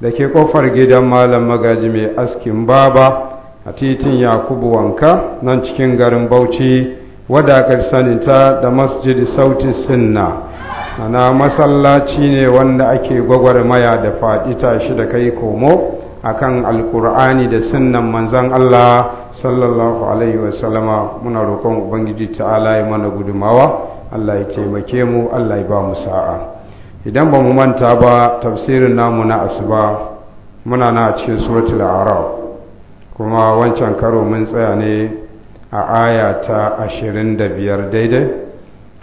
da ke kofar gidan malam magaji mai askin baba a titin yakubu wanka nan cikin garin bauchi wadda aka da masjidi sauti sinna ana masallaci ne wanda ake gwagwarmaya da faɗi tashi da kai komo akan alkur'ani da sinna manzan allah sallallahu alaihi wasallama muna roƙon ubangiji ta'ala ya mana gudumawa allah ya taimake mu allah ya ba mu sa'a idan ba mu manta ba tafsirin namu na asuba muna na cikin suratul araf kuma wancan karo mun tsaya ne a aya ta ashirin da biyar daidai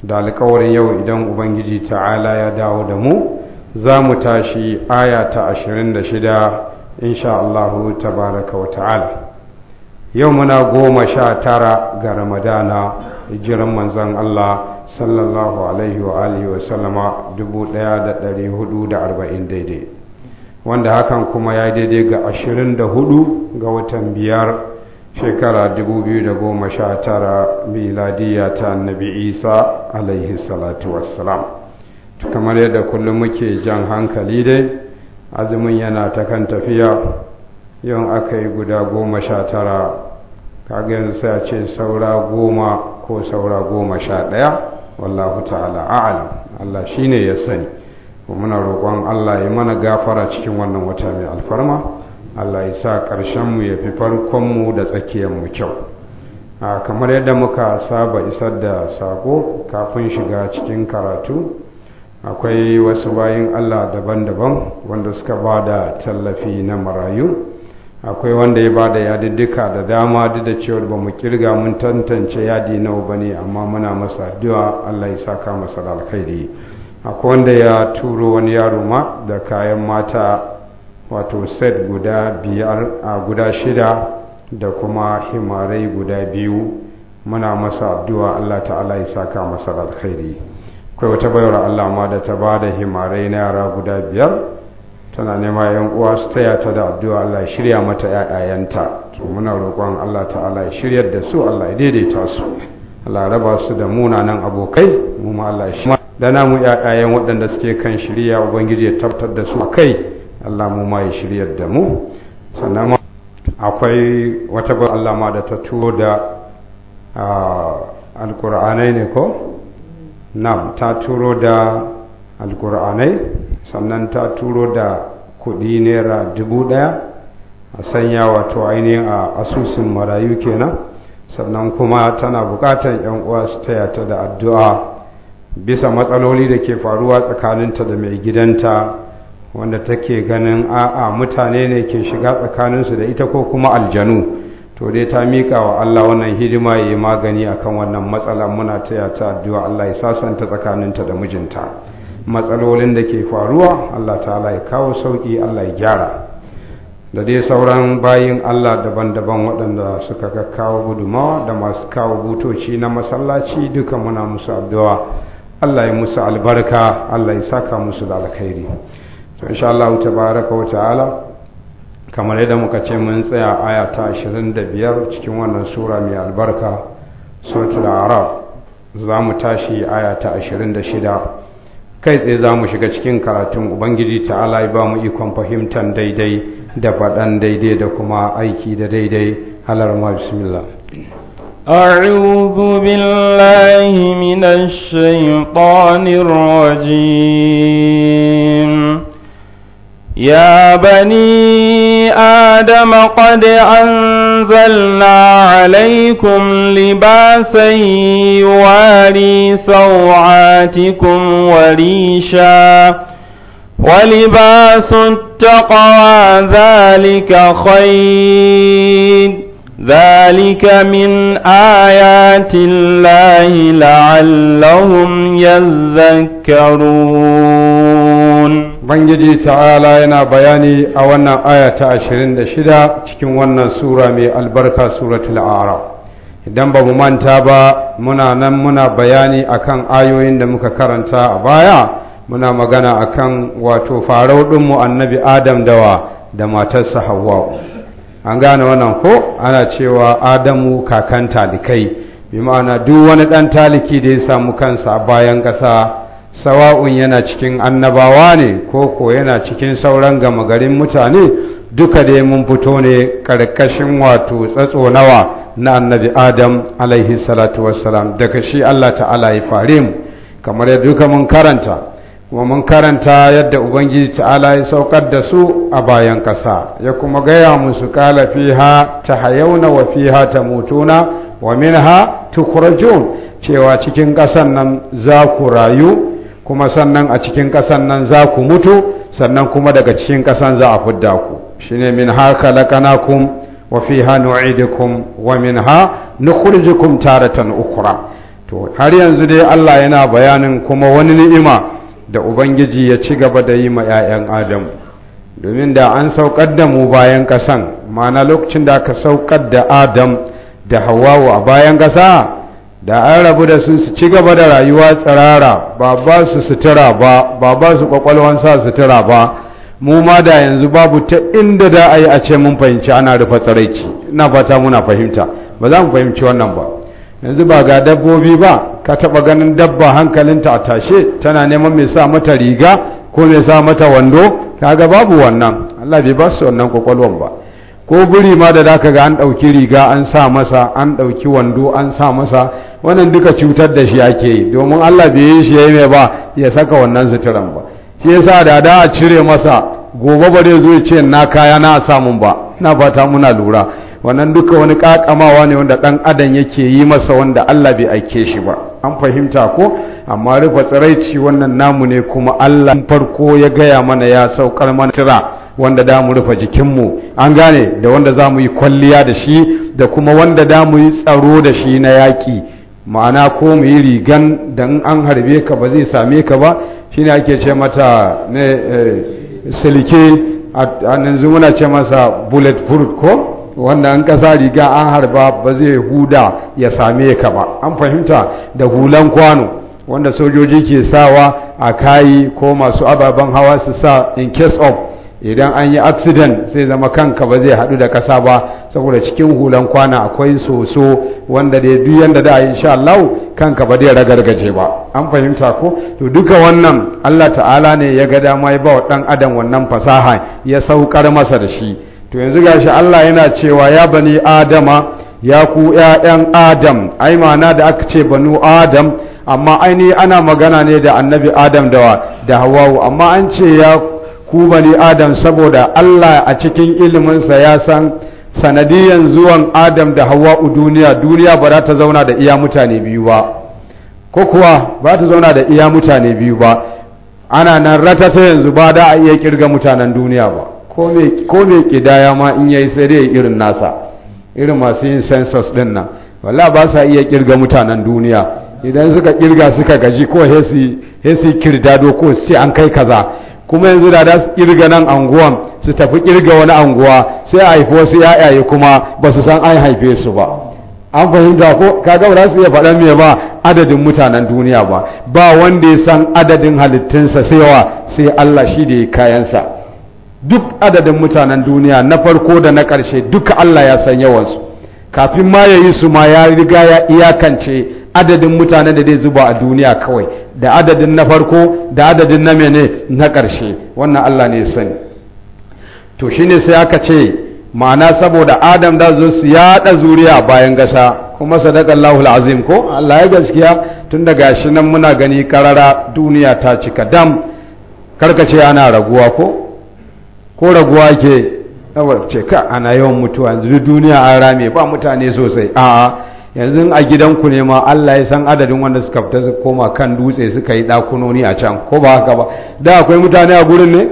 da alkawarin yau idan ubangiji ta'ala ya dawo da mu za mu tashi aya ta ashirin da shida insha Allahu tabaraka wa ta'ala yau muna goma sha tara ga ramadana hijiran manzon Allah sallallahu alaihi wa alihi wa sallama 1440 daidai wanda hakan kuma ya daidai ga 24 ga watan biyar shekara 2019 miladiya ta nabi isa alaihi salatu wassalam kamar yadda kullum muke jan hankali dai azumin yana ta kan tafiya yau aka yi guda goma sha tara kaga yanzu sai a ce saura goma ko saura goma sha ɗaya wallahu ta'ala a'lam Allah shine ya sani muna roƙon Allah ya mana gafara cikin wannan wata mai alfarma Allah ya sa ƙarshen mu ya fi farkon mu da tsakiyar mu kyau a kamar yadda muka saba isar da sako kafin shiga cikin karatu akwai wasu bayin Allah daban-daban wanda suka bada tallafi na marayu akwai wanda ya bada duka da dama duk da cewa ba mu kirga mun tantance yadi nawa ba ne amma muna masa addu'a Allah ya saka masa alkhairi akwai wanda ya turo wani yaro ma da kayan mata wato set guda biyar a guda shida da kuma himarai guda biyu muna masa addu'a Allah ta'ala ya saka masa alkhairi akwai wata bayar Allah ma da ta bada himarai na yara guda biyar tana nema yan uwa su taya ta da addu'a Allah ya shirya mata ƴaƴayenta to muna roƙon Allah ta'ala ya shiryar da su Allah ya daidaita su Allah ya raba su da munanan abokai mu ma Allah ya da namu ƴaƴayen waɗanda suke kan shirya ubangiji ya tabbatar da su kai Allah mu ma ya shiryar da mu sannan akwai wata ba Allah ma da ta turo da alƙur'anai ne ko na ta turo da alƙur'anai sannan ta turo da kuɗi naira dubu ɗaya a sanya wato ainihin a asusun marayu kenan sannan kuma tana bukatar 'yan uwa su taya ta da addu'a bisa matsaloli da ke faruwa tsakaninta da mai gidanta wanda take ganin a'a mutane ne ke shiga tsakaninsu da ita ko kuma aljanu to dai ta miƙa wa Allah wannan hidima ya yi magani akan wannan matsala muna taya ta addu'a Allah ya sasanta tsakaninta da mijinta matsalolin da ke faruwa Allah ta'ala ya kawo sauki Allah ya gyara da dai sauran bayin Allah daban-daban waɗanda suka ga kawo gudumawa da masu kawo butoci na masallaci duka muna musu addu'a Allah ya musu albarka Allah ya saka musu da alkhairi to insha Allah tabaraka wa ta'ala kamar yadda muka ce mun tsaya aya ta 25 cikin wannan sura mai albarka suratul araf za mu tashi aya ta 26 kai tsaye za mu shiga cikin karatun ubangiji ta'ala ya ba mu ikon fahimtar daidai da faɗan daidai da kuma aiki da daidai halarma bismillah أعوذ بالله من الشيطان الرجيم يا بني آدم قد أنزلنا عليكم لباسا يواري سوعاتكم وريشا ولباس التقوى ذلك خير ذلك من آيات الله لعلهم يذكرون ubangiji ta'ala yana bayani a wannan aya ta shida cikin wannan sura mai albarka suratul a'raf idan ba mu manta ba muna nan muna bayani akan ayoyin da muka karanta a baya muna magana akan wato farau ɗinmu annabi adam dawa da matarsa Hauwa. an gane wannan ko ana cewa adamu kakan talikai bi ma'ana duk wani ɗan taliki da ya samu kansa bayan ƙasa sawa'un yana cikin annabawa ne ko ko yana cikin sauran gama garin mutane duka dai mun fito ne karkashin wato tsatso nawa na annabi adam alaihi salatu wassalam daga shi allah ta'ala ya fare mu kamar yadda duka mun karanta kuma mun karanta yadda ubangiji ta'ala ya saukar da su a bayan ƙasa ya kuma gaya musu kala fiha ta hayauna wa fiha ta mutuna wa minha tukhrajun cewa cikin ƙasan nan za ku rayu kuma sannan a cikin ƙasan nan za ku mutu sannan kuma daga cikin ƙasan za a fudda ku shine min ha khalaqnakum wa fiha kun wa kun nukhrijukum taratan ukra to har yanzu dai Allah yana bayanin kuma wani ni'ima da ubangiji ya ci gaba da yi ma 'ya'yan adam domin da an saukar da mu bayan ƙasan ma'ana lokacin da aka saukar da adam da Hauwawu a bayan ƙasa da an rabu da su su ci gaba da rayuwa tsirara ba ba su sutura ba ba ba su kwakwalwan sa sutura ba mu ma da yanzu babu ta inda da a yi a ce mun fahimci ana rufe tsiraici ina fata muna fahimta ba za mu fahimci wannan ba yanzu ba ga dabbobi ba ka taba ganin dabba hankalinta a tashe tana neman mai sa mata riga ko mai sa mata wando kaga babu wannan Allah bai ba su wannan kwakwalwan ba ko guri ma da zaka ga an ɗauki riga an sa masa an ɗauki wando an sa masa wannan duka cutar da shi ake yi domin Allah bai yi shi yayi mai ba ya saka wannan suturan ba shi yasa da da a cire masa gobe ba zo ya ce na kaya na sa mun ba na fata muna lura wannan duka wani kakamawa ne wanda dan adam yake yi masa wanda Allah bai aike shi ba an fahimta ko amma rufa tsiraici wannan namu ne kuma Allah farko ya gaya mana ya saukar mana tira wanda da mu rufe jikinmu an gane da wanda za mu yi kwalliya da shi da kuma wanda da mu yi tsaro da shi na yaƙi ma'ana ko mu yi rigan da in an harbe ka ba zai same ka ba shi ne ake ce mata ne eh, silike a yanzu muna ce masa bullet proof ko wanda an ƙasa riga an harba ba zai huda ya same ka ba an fahimta da hulan kwano wanda sojoji ke sawa a kayi ko masu ababen hawa su sa in case of idan an yi accident sai zama kanka ba zai haɗu da ƙasa ba saboda cikin hulan kwana akwai soso wanda da duk yanda da insha Allah kanka ba zai ragargaje ba an fahimta ko to duka wannan Allah ta'ala ne ya ga dama ya ba wa dan adam wannan fasaha ya saukar masa da shi to yanzu gashi Allah yana cewa ya bani adama ya ku ƴaƴan adam ai ma'ana da aka ce banu adam amma ainihi ana magana ne da annabi adam da da hawawu amma an ce ya ku bani adam saboda Allah a cikin iliminsa ya san sanadiyan zuwan adam da u duniya duniya ba za ta zauna da iya mutane biyu ba ko kuwa ba ta zauna da iya mutane biyu ba ana nan rata ta yanzu ba da a iya kirga mutanen duniya ba ko me kidaya ma in yayi sai dai irin nasa irin masu yin census din nan walla ba sa iya kirga mutanen duniya idan suka kirga suka gaji ko hesi hesi kirdado ko sai an kai kaza kuma yanzu da su kirga nan anguwan su tafi kirga wani anguwa sai a haifi wasu yayaye kuma ba su san an haife su ba an fahimta ko kaga ba su iya faɗa mai ba adadin mutanen duniya ba ba wanda ya san adadin halittunsa sai yawa sai Allah shi da ya kayansa duk adadin mutanen duniya na farko da na ƙarshe duka Allah ya san yawansu kafin ma ya yi su ma ya riga ya iyakance adadin mutanen da zai zuba a duniya kawai da adadin na farko da adadin na mene na ƙarshe wannan Allah ne sani to shine sai aka ce ma'ana saboda adam da zo su yaɗa zuriya bayan gasa kuma sadakallahu azim ko Allah ya gaskiya tun da gashi nan muna gani karara duniya ta cika dam karkace ana raguwa ko ko raguwa ke ce ka ana yawan mutuwa duniya an rame ba mutane sosai a'a yanzu a gidanku ne ma Allah ya san adadin wanda suka fita su koma kan dutse suka yi ɗakunoni a can ko ba haka ba da akwai mutane a gurin ne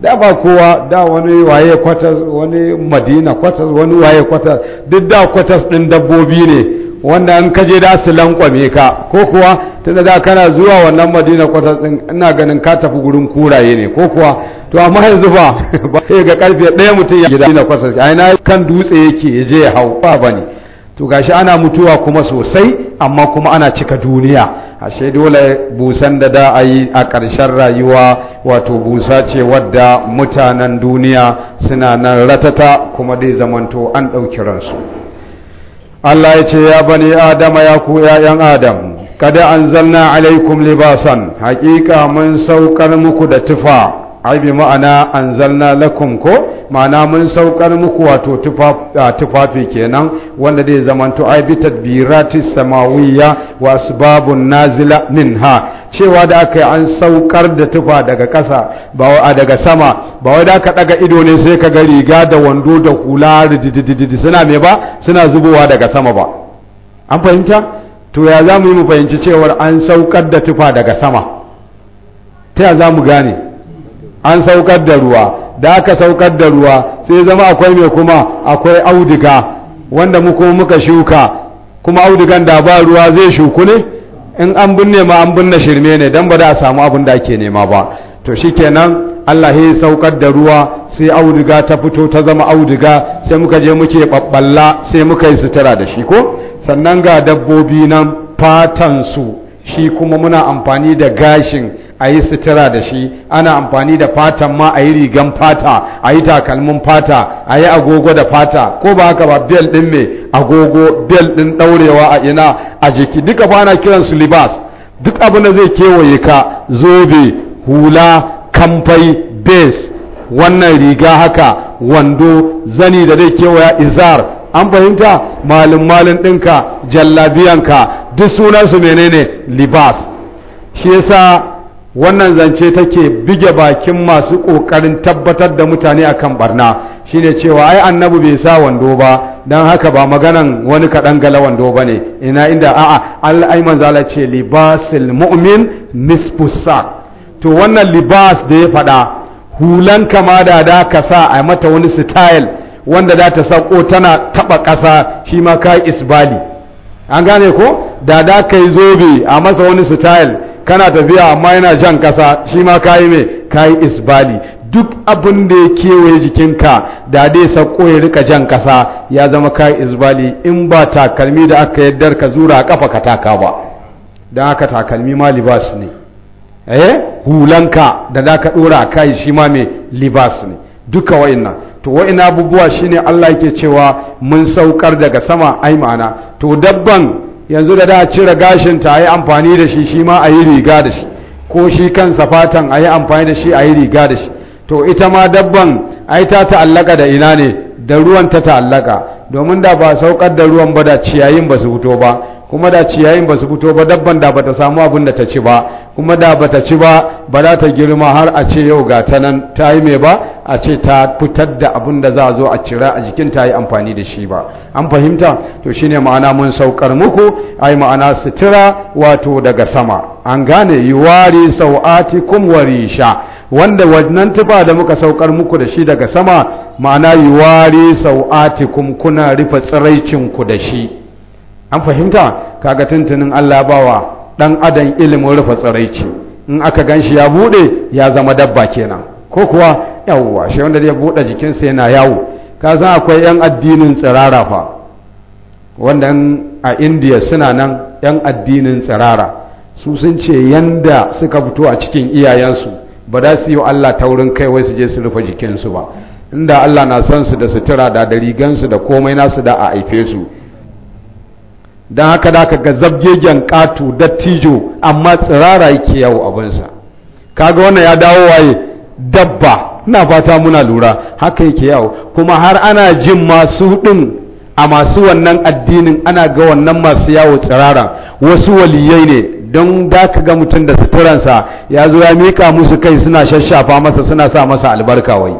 da ba kowa da wani waye kwatas wani madina kwatas wani waye kwatas duk da kwatas ɗin dabbobi ne wanda an kaje da su lankwame ka ko kuwa tunda da kana zuwa wannan madina kwatas ɗin ina ganin ka tafi gurin kuraye ne ko kuwa to amma yanzu ba ba sai ga karfe ɗaya mutum ya gida madina kwatas ai na kan dutse yake ya je ya hau ba bane to gashi ana mutuwa kuma sosai amma kuma ana cika duniya ashe dole busan da da a yi a ƙarshen rayuwa wato busa ce wadda mutanen duniya suna nan ratata kuma dai zamanto an ɗauki ransu Allah ya ce ya bani adama ya ku ‘ya'yan adam kada an zanna alaikum libasan haƙiƙa mun saukar muku da tufa aibi bi ma'ana anzalna lakum ko ma'ana mun saukar muku wato tufafi kenan wanda zai zamanto aibi tadbirati samawiyya wa asbabun nazila minha cewa da aka yi an saukar da tufa daga kasa ba daga sama ba wai da aka daga ido ne sai ka ga riga da wando da hula didididi suna me ba suna zubowa daga sama ba an fahimta to ya za mu yi mu fahimci cewar an saukar da tufa daga sama ta ya za mu gane an saukar da ruwa da aka saukar da ruwa sai zama akwai mai kuma akwai auduga wanda mu kuma muka shuka kuma audigan da ba ruwa zai shuku ne in an binne ma an binne shirme ne dan ba da samu abin da ake nema ba to shikenan Allah ya saukar da ruwa sai auduga ta fito ta zama auduga sai muka je muke babballa sai muka yi sutura da shi ko sannan ga dabbobi nan fatan su shi kuma muna amfani da gashin a yi sutura da shi ana amfani da fatan ma a yi rigan fata a yi takalmin fata a yi agogo da fata ko ba haka ba bel ɗin mai agogo bel ɗin ɗaurewa a ina a jiki duka ba na kiransu libas duk abin da zai kewaye ka zobe hula kamfai bes wannan riga haka wando zani da zai kewaya izar an fahimta malin malin ɗinka jallabiyanka duk sunansu menene libas shi yasa wannan zance take bige bakin masu kokarin tabbatar da mutane akan barna shine cewa ai annabi bai sa wando ba dan haka ba maganan wani kaɗan gala wando ba ne ina inda a'a ai Allah ce libasul mu'min nisfusa to wannan libas da ya faɗa hulan kama da da ka sa a mata wani style wanda za ta sako tana taɓa ƙasa shi ma ka isbali an gane ko da da ka zobe a masa wani style kana tafiya amma yana jan kasa shi ma kayi mai isbali duk abin da ya kewaye jikinka da dai sako ya rika jan kasa ya zama kayi isbali in ba takalmi da aka yaddar ka zura kafa ka taka ba don haka takalmi ma libas ne eh hulanka da za ka dora kai shi ma mai libas ne duka wa'annan to wa'ina abubuwa shine Allah yake cewa mun saukar daga sama ai ma'ana to dabban yanzu da da cire gashin ta yi amfani da shi shi ma a riga da shi ko shi kansa fatan ayi amfani da shi a yi riga da shi to ita ma dabban ai ta ta'allaka da ina ne da ruwan ta ta'allaka domin da ba saukar da ruwan ba da ciyayin ba su fito ba kuma da ciyayin ba su fito ba dabban da bata samu abin da ta ci ba kuma da bata ci ba ba za ta girma har a ce yau ga ta nan ta yi mai ba a ce ta fitar da abin da za a zo a cira a jikin ta yi amfani da shi ba an fahimta to shine ma'ana mun saukar muku ai ma'ana sutura wato daga sama an gane yuwari wari, warisha wanda wannan tufa da muka saukar muku da shi daga sama ma'ana sau'ati, kum kuna rufe tsiraicinku da shi an fahimta kaga tuntunin Allah bawa dan adam ilimin rufe tsiraici in aka gan shi ya bude ya zama dabba kenan ko kuwa yawwa shi wanda ya bude jikinsa yana yawo ka san akwai yan addinin tsirara fa wanda a indiya suna nan yan addinin tsirara su sun ce yanda suka fito a cikin iyayensu ba za su yi Allah ta wurin kai wai su je su rufe jikinsu ba inda Allah na san su da sutura da da rigansu da komai nasu da a haife su don haka da ka ga zabgegen katu dattijo amma tsirara yake yawo abinsa kaga wannan ya dawo waye dabba na fata muna lura haka yake yawo kuma har ana jin masu ɗin a masu wannan addinin ana ga wannan masu yawo tsirara wasu waliyai ne don da ka ga mutum da suturansa ya zo ya mika musu kai suna shashafa masa suna sa masa albarka wai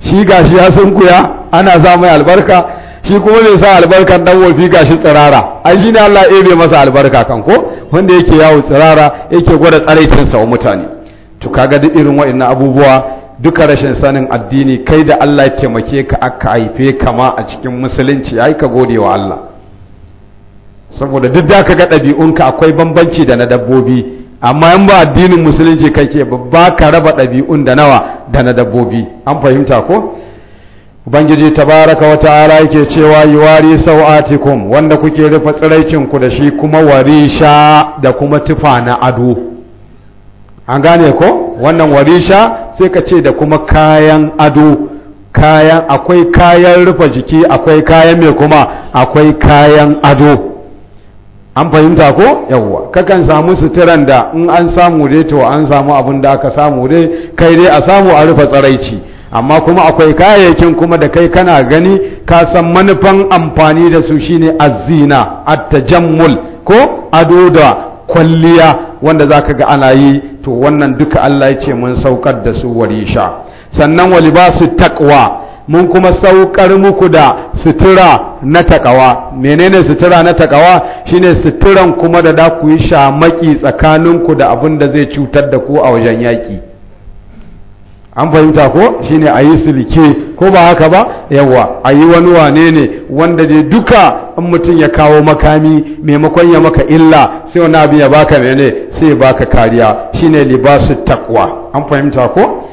shi gashi ya sunkuya ana za mai albarka shi kuma mai sa albarkar dan ga shi tsirara ai shi ne Allah ebe masa albarka kan ko wanda yake yawo tsirara yake gwada tsaraitin sa wa mutane to kaga duk irin wa'annan abubuwa duka rashin sanin addini kai da Allah ya taimake ka aka haife kama a cikin musulunci ai ka gode wa Allah saboda duk da kaga ka akwai bambanci da na dabbobi amma in ba addinin musulunci kake ba ka raba ɗabi'un da nawa da na dabbobi an fahimta ko ubangiji tabaraka wa ta'ala yake cewa yuwari sau'atikum wanda kuke rufe tsiraicin ku da shi kuma warisha da kuma tufa na ado an gane ko wannan warisha sai ka ce da kuma kayan ado kayan akwai kayan rufe jiki akwai kayan mai kuma akwai kayan ado an fahimta ko yawwa kakan samu suturan da in an samu dai to an samu abin da aka samu dai kai dai a samu a rufe tsiraici. amma kuma akwai kayayyakin kuma da kai kana gani ka san manufan amfani da su shine azina at-tajammul ko ado da kwalliya wanda zaka ga ana yi to wannan duka Allah ya ce mun saukar da su warisha sannan wa libasu taqwa mun kuma saukar muku da sutura na takawa menene sutura na takawa shine suturan kuma da da ku yi shamaki tsakaninku da abin da zai cutar da ku a wajen yaki an fahimta ko shine a yi silke ko ba haka ba yawa a yi wani wane ne wanda dai duka in mutum ya kawo makami maimakon ya maka illa sai wani abin ya baka mene sai ya baka kariya shine libasu takwa an fahimta ko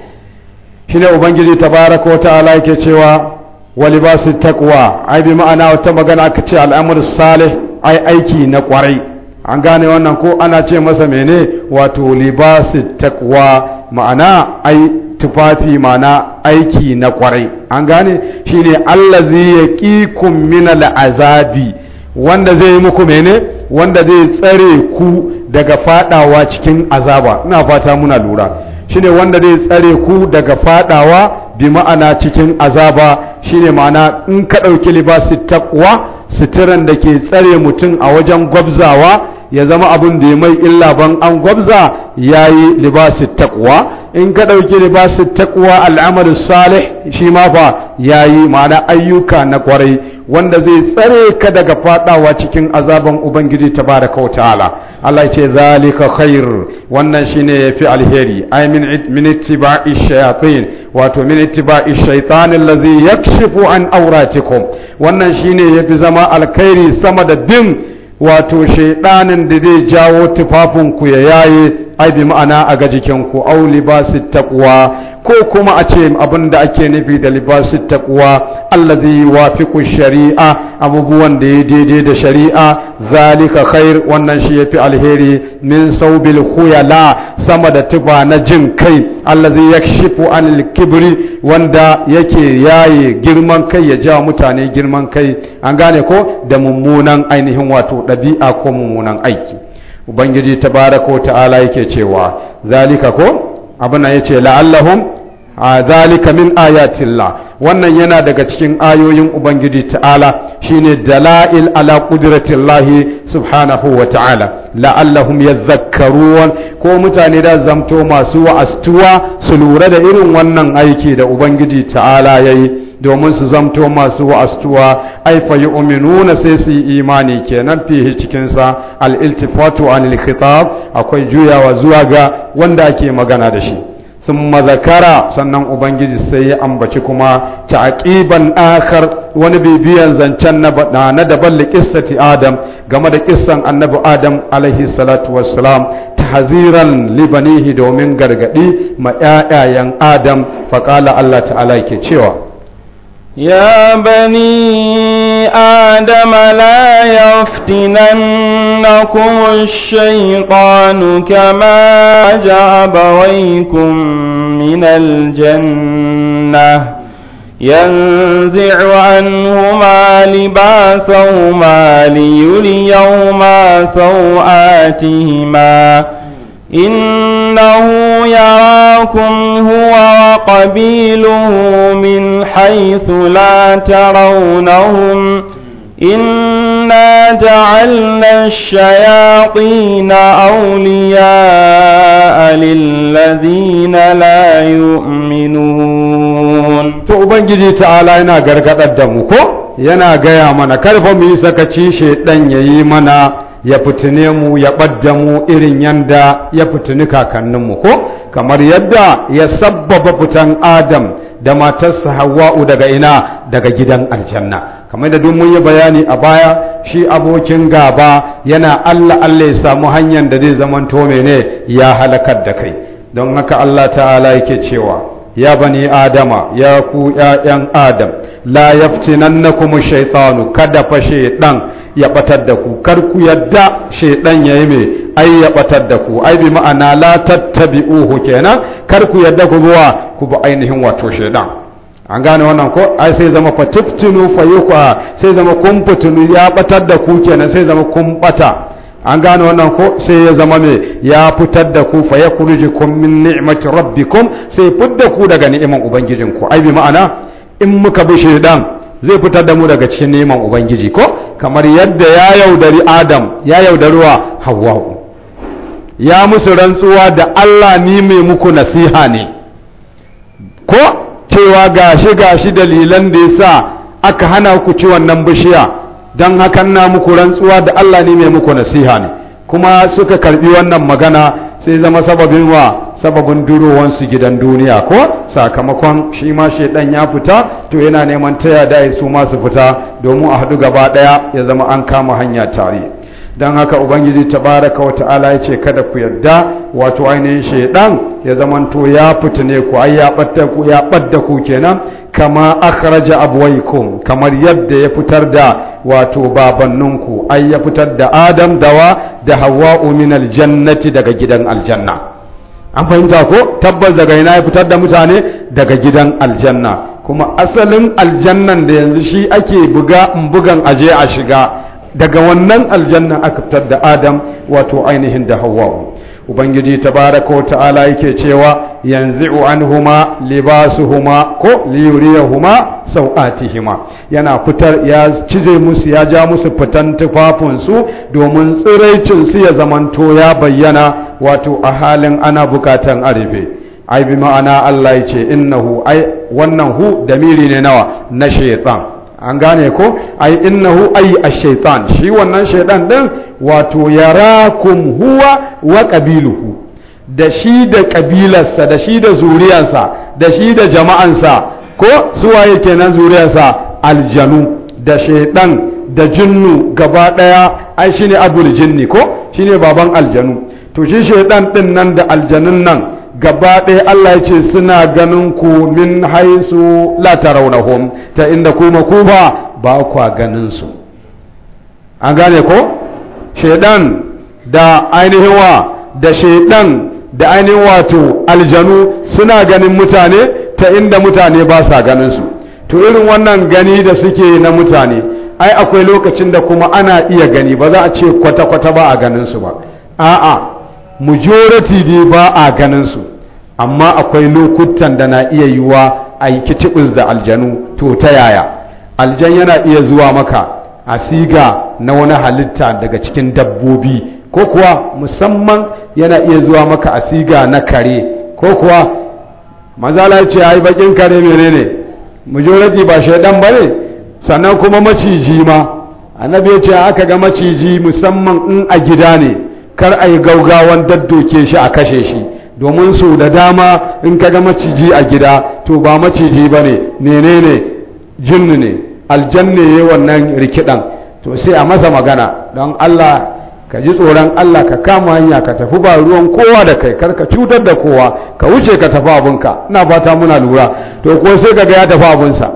shine ubangiji tabaraka wa ta'ala yake cewa wa libasu takwa ai bi ma'ana wata magana aka ce al'amur salih ai aiki na kwarai an gane wannan ko ana ce masa mene wato libasu takwa ma'ana ai tufafi mana aiki na kwarai an gane shine allazi ƙi kummina la'azabi. wanda zai yi muku mene wanda zai tsare ku daga fadawa cikin azaba ina fata muna lura shine wanda zai tsare ku daga fadawa bi ma'ana cikin azaba shine ma'ana in ka ɗauki libasitakwa, sitiran da ke tsare mutum a wajen gwabzawa ya zama abin da ya mai illa ban an gwabza ya yi libasin takwa in ka ɗauki libasin takwa al'amari salih shi ma fa ya yi ma'ana ayyuka na kwarai wanda zai tsare ka daga fadawa cikin azaban ubangiji ta baraka wa ala. Allah ce zalika khair wannan shine yafi alheri ay min min ittiba'i shayatin wato min ittiba'i shaytan allazi yakshifu an awratikum wannan shine yafi zama alkhairi sama da bin wato shaidanin da zai jawo tufafinku ya yaye ai bi ma'ana a ga jikinku au libasit taqwa ko kuma a ce abin da ake nufi da libasit taqwa allazi wafiqu shari'a abubuwan da ya daidai da shari'a zalika khair wannan shi yafi alheri min saubil khuyala sama da tuba na jin kai allazi yakshifu anil kibri wanda yake yaye girman kai ya ja mutane girman kai an gane ko da mummunan ainihin wato ɗabi'a ko mummunan aiki ubangiji ta bara ko ta'ala yake cewa zalika ko abin ce yace a zalika min ayatillah wannan yana daga cikin ayoyin ubangiji ta'ala shine dala'il ala qudratillahi subhanahu wa ta'ala la'allahum yadhakkarun ko mutane da zamto masu wa'astuwa su lura da irin wannan aiki da ubangiji ta'ala yayi domin su zamto masu wa'astuwa ai fa yu'minuna sai su yi imani kenan fihi cikin sa al-iltifatu anil khitab akwai juyawa zuwa ga wanda ake magana da shi thumma zakara sannan ubangiji sai ya ambaci kuma ta'qiban akhar wani bibiyan zancen na na daban liqissati adam game da kissan annabi adam alaihi salatu wassalam haziran libanihi domin gargadi ma 'ya'yayen adam faqala Allah ta'ala ke cewa يا بني آدم لا يفتننكم الشيطان كما ويكم من الجنة ينزع عنهما لباسهما ليليهما سوآتهما إن إنه يراكم هو وقبيله من حيث لا ترونهم إنا جعلنا الشياطين أولياء للذين لا يؤمنون فأبنجي تعالى إنا قرقت الدمكو yana gaya mana karfa mu yi sakaci shaidan ya mana ya fitine mu ya ɓadda mu irin yanda ya fitini kakanninmu ko kamar yadda ya sabbaba fitan adam da matarsa hawa'u daga ina daga gidan aljanna kamar da mun yi bayani a baya shi abokin gaba yana allah allah ya samu hanyar da zai zamanto mene ya halakar da kai don haka allah ta'ala yake cewa ya bani adama ya ku ‘ya'yan adam la yaftinannakum shaytanu kada fa shaytan ya batar da ku kar ku yadda shaidan yayi me ai ya batar da ku ai bi ma'ana la tattabi'uhu kenan kar ku yadda ku zuwa ku bi ainihin wato shaidan an gane wannan ko ai sai zama fa tuftinu fa yuqa sai zama kun fitinu ya batar da ku kenan sai zama kun bata an gane wannan ko sai ya zama me ya fitar da ku fa yakhrujukum min ni'mati rabbikum sai fudda ku daga ni'iman ubangijinku ai bi ma'ana in muka bi shaydan zai fitar da mu daga cikin neman ubangiji ko kamar yadda ya yaudari adam ya yaudarwa hawa'u ya musu rantsuwa da allah ni mai muku nasiha ne ko cewa gashi gashi dalilan da ya sa aka hana ku ci wannan bishiya don hakan na muku rantsuwa da allah ni mai muku nasiha ne kuma suka karbi wannan magana sai zama sababin wa sababin durowansu gidan duniya ko sakamakon shi ma shaidan ya fita to yana neman taya da su ma fita domin a haɗu gaba ɗaya ya zama an kama hanya tare don haka ubangiji tabaraka wa ta'ala ya ce kada ku yadda wato ainihin shaidan ya zama to ya ne ku ai ya ɓadda ku ya ku kenan kama akhraja kamar yadda ya fitar da wato babanninku ai ya fitar da adam dawa da hawa'u min aljannati daga gidan aljanna an fahimta ko tabbas daga ina ya fitar da mutane daga gidan aljanna kuma asalin aljannan da yanzu shi ake buga bugan aje a shiga daga wannan aljanna aka fitar da adam wato ainihin da hawa'u ubangiji tabaraka wa ta'ala yake cewa yanzi'u anhuma libasuhuma ko liyuriyahuma sau'atihima yana fitar ya cije musu ya ja musu fitan tufafinsu domin tsiraicin su ya zamanto ya bayyana wato a halin ana bukatan arife ai bi ma'ana Allah ya ce innahu ai wannan hu damiri ne nawa na shaitan an gane ko ay innahu ayi ash-shaytan shi wannan shaydan din wato yarakum huwa wa qabiluhu da shi da kabilarsa da shi da zuriyarsa da shi da jama'ansa ko suwaye kenan zuriyarsa aljanu da shaydan da jinnu gaba daya ai shine abul jinni ko shine baban aljanu to shi shaydan din nan da aljanun nan gaba ɗaya Allah ya ce suna ganin ku min haisu la tarawnahum ta inda kuma ku ba ba kwa ganin su an gane ko shaidan da ainihin wa da shaidan da ainihin wato aljanu suna ganin mutane ta inda mutane ba sa ganin su to irin wannan gani da suke na mutane ai akwai lokacin da kuma ana iya gani ba za a ce kwata-kwata ba a ganin su ba a'a majority dai ba a ganin su amma akwai lokutan da na iya yiwa a yi kitibis da aljanu to ta yaya aljan yana iya zuwa maka a siga na wani halitta daga cikin dabbobi ko kuwa musamman yana iya zuwa maka a siga na kare ko kuwa mazala ce ya yi bakin kare menene majority ba shaidan ba ne sannan kuma maciji ma annabi ya ce aka ga maciji musamman in a gida ne kar a yi gaugawan daddoke shi a kashe shi domin su da dama in ka ga maciji a gida to ba maciji ba ne ne jinni ne aljanne ya wannan rikidan to sai a masa magana don allah ka ji tsoron allah ka kama hanya ka tafi ba ruwan kowa da kai kar ka cutar da kowa ka wuce ka tafi abinka ina fata muna lura to ko sai ka ga ya tafi abinsa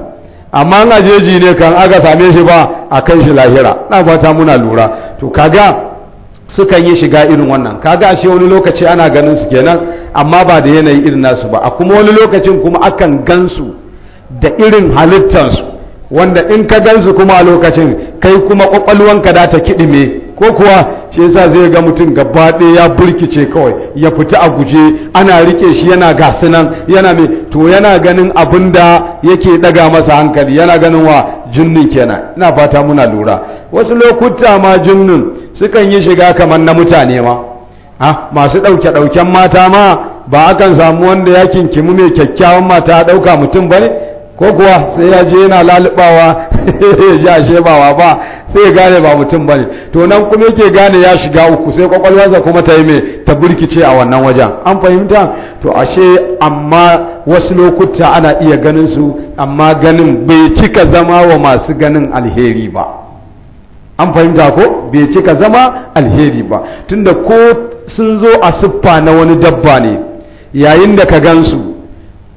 amma in ajeji ne kan aka same shi ba a kai shi lahira ina fata muna lura to kaga sukan yi shiga irin wannan kaga ashe wani lokaci ana ganin su kenan amma ba da yanayi irin nasu ba a kuma wani lokacin kuma akan gansu da irin halittansu wanda in ka gansu kuma a lokacin kai kuma kwakwalwanka da ta kiɗime ko kuwa shi yasa zai ga mutum gaba ɗaya ya burkice kawai ya fita a guje ana rike shi yana gasu nan yana mai to yana ganin abin da yake ɗaga masa hankali yana ganin wa jinnin kenan ina fata muna lura wasu lokuta ma jinnin sukan yi shiga kamar na mutane ma ha masu ɗauke ɗauken mata ma ba akan samu wanda ya kinkimu mai kyakkyawan mata ɗauka mutum ba ne ko kuwa sai ya je yana lalubawa ya ji ashe ba ba sai ya gane ba mutum ba ne to nan kuma yake gane ya shiga uku sai kwakwalwarsa kuma ta yi mai ta burkice a wannan wajen an fahimta to ashe amma wasu lokuta ana iya ganin su amma ganin bai cika zama wa masu ganin alheri ba an fahimta ko bai cika zama alheri ba tunda ko sun zo a siffa na wani dabba ne yayin da ka gansu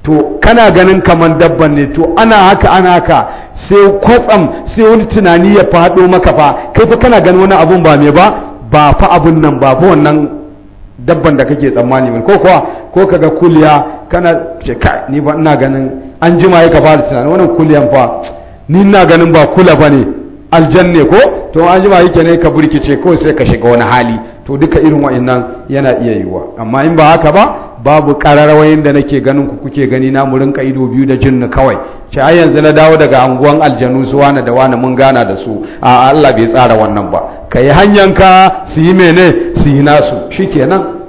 to kana ganin kamar dabban ne to ana haka ana haka sai kwatsam sai wani tunani ya faɗo maka fa kai fa kana ganin wani abun ba me ba ba fa abun nan ba fa wannan dabban da kake tsammani min ko kuwa ko kaga kuliya kana ce kai ni ba ina ganin an jima ya ka fara tunani wannan kuliyan fa ni ina ganin ba kula ba ne aljanne ko to an jima yake ne ka burkice ko sai ka shiga wani hali to duka irin wa'annan yana iya yiwa amma in ba haka ba babu kararrawayin da nake ganin ku kuke gani na mu rinka ido biyu da jinni kawai ce ai yanzu na dawo daga anguwan aljanu su wani da wani mun gana da su a Allah bai tsara wannan ba kai hanyanka su yi mene su yi nasu shikenan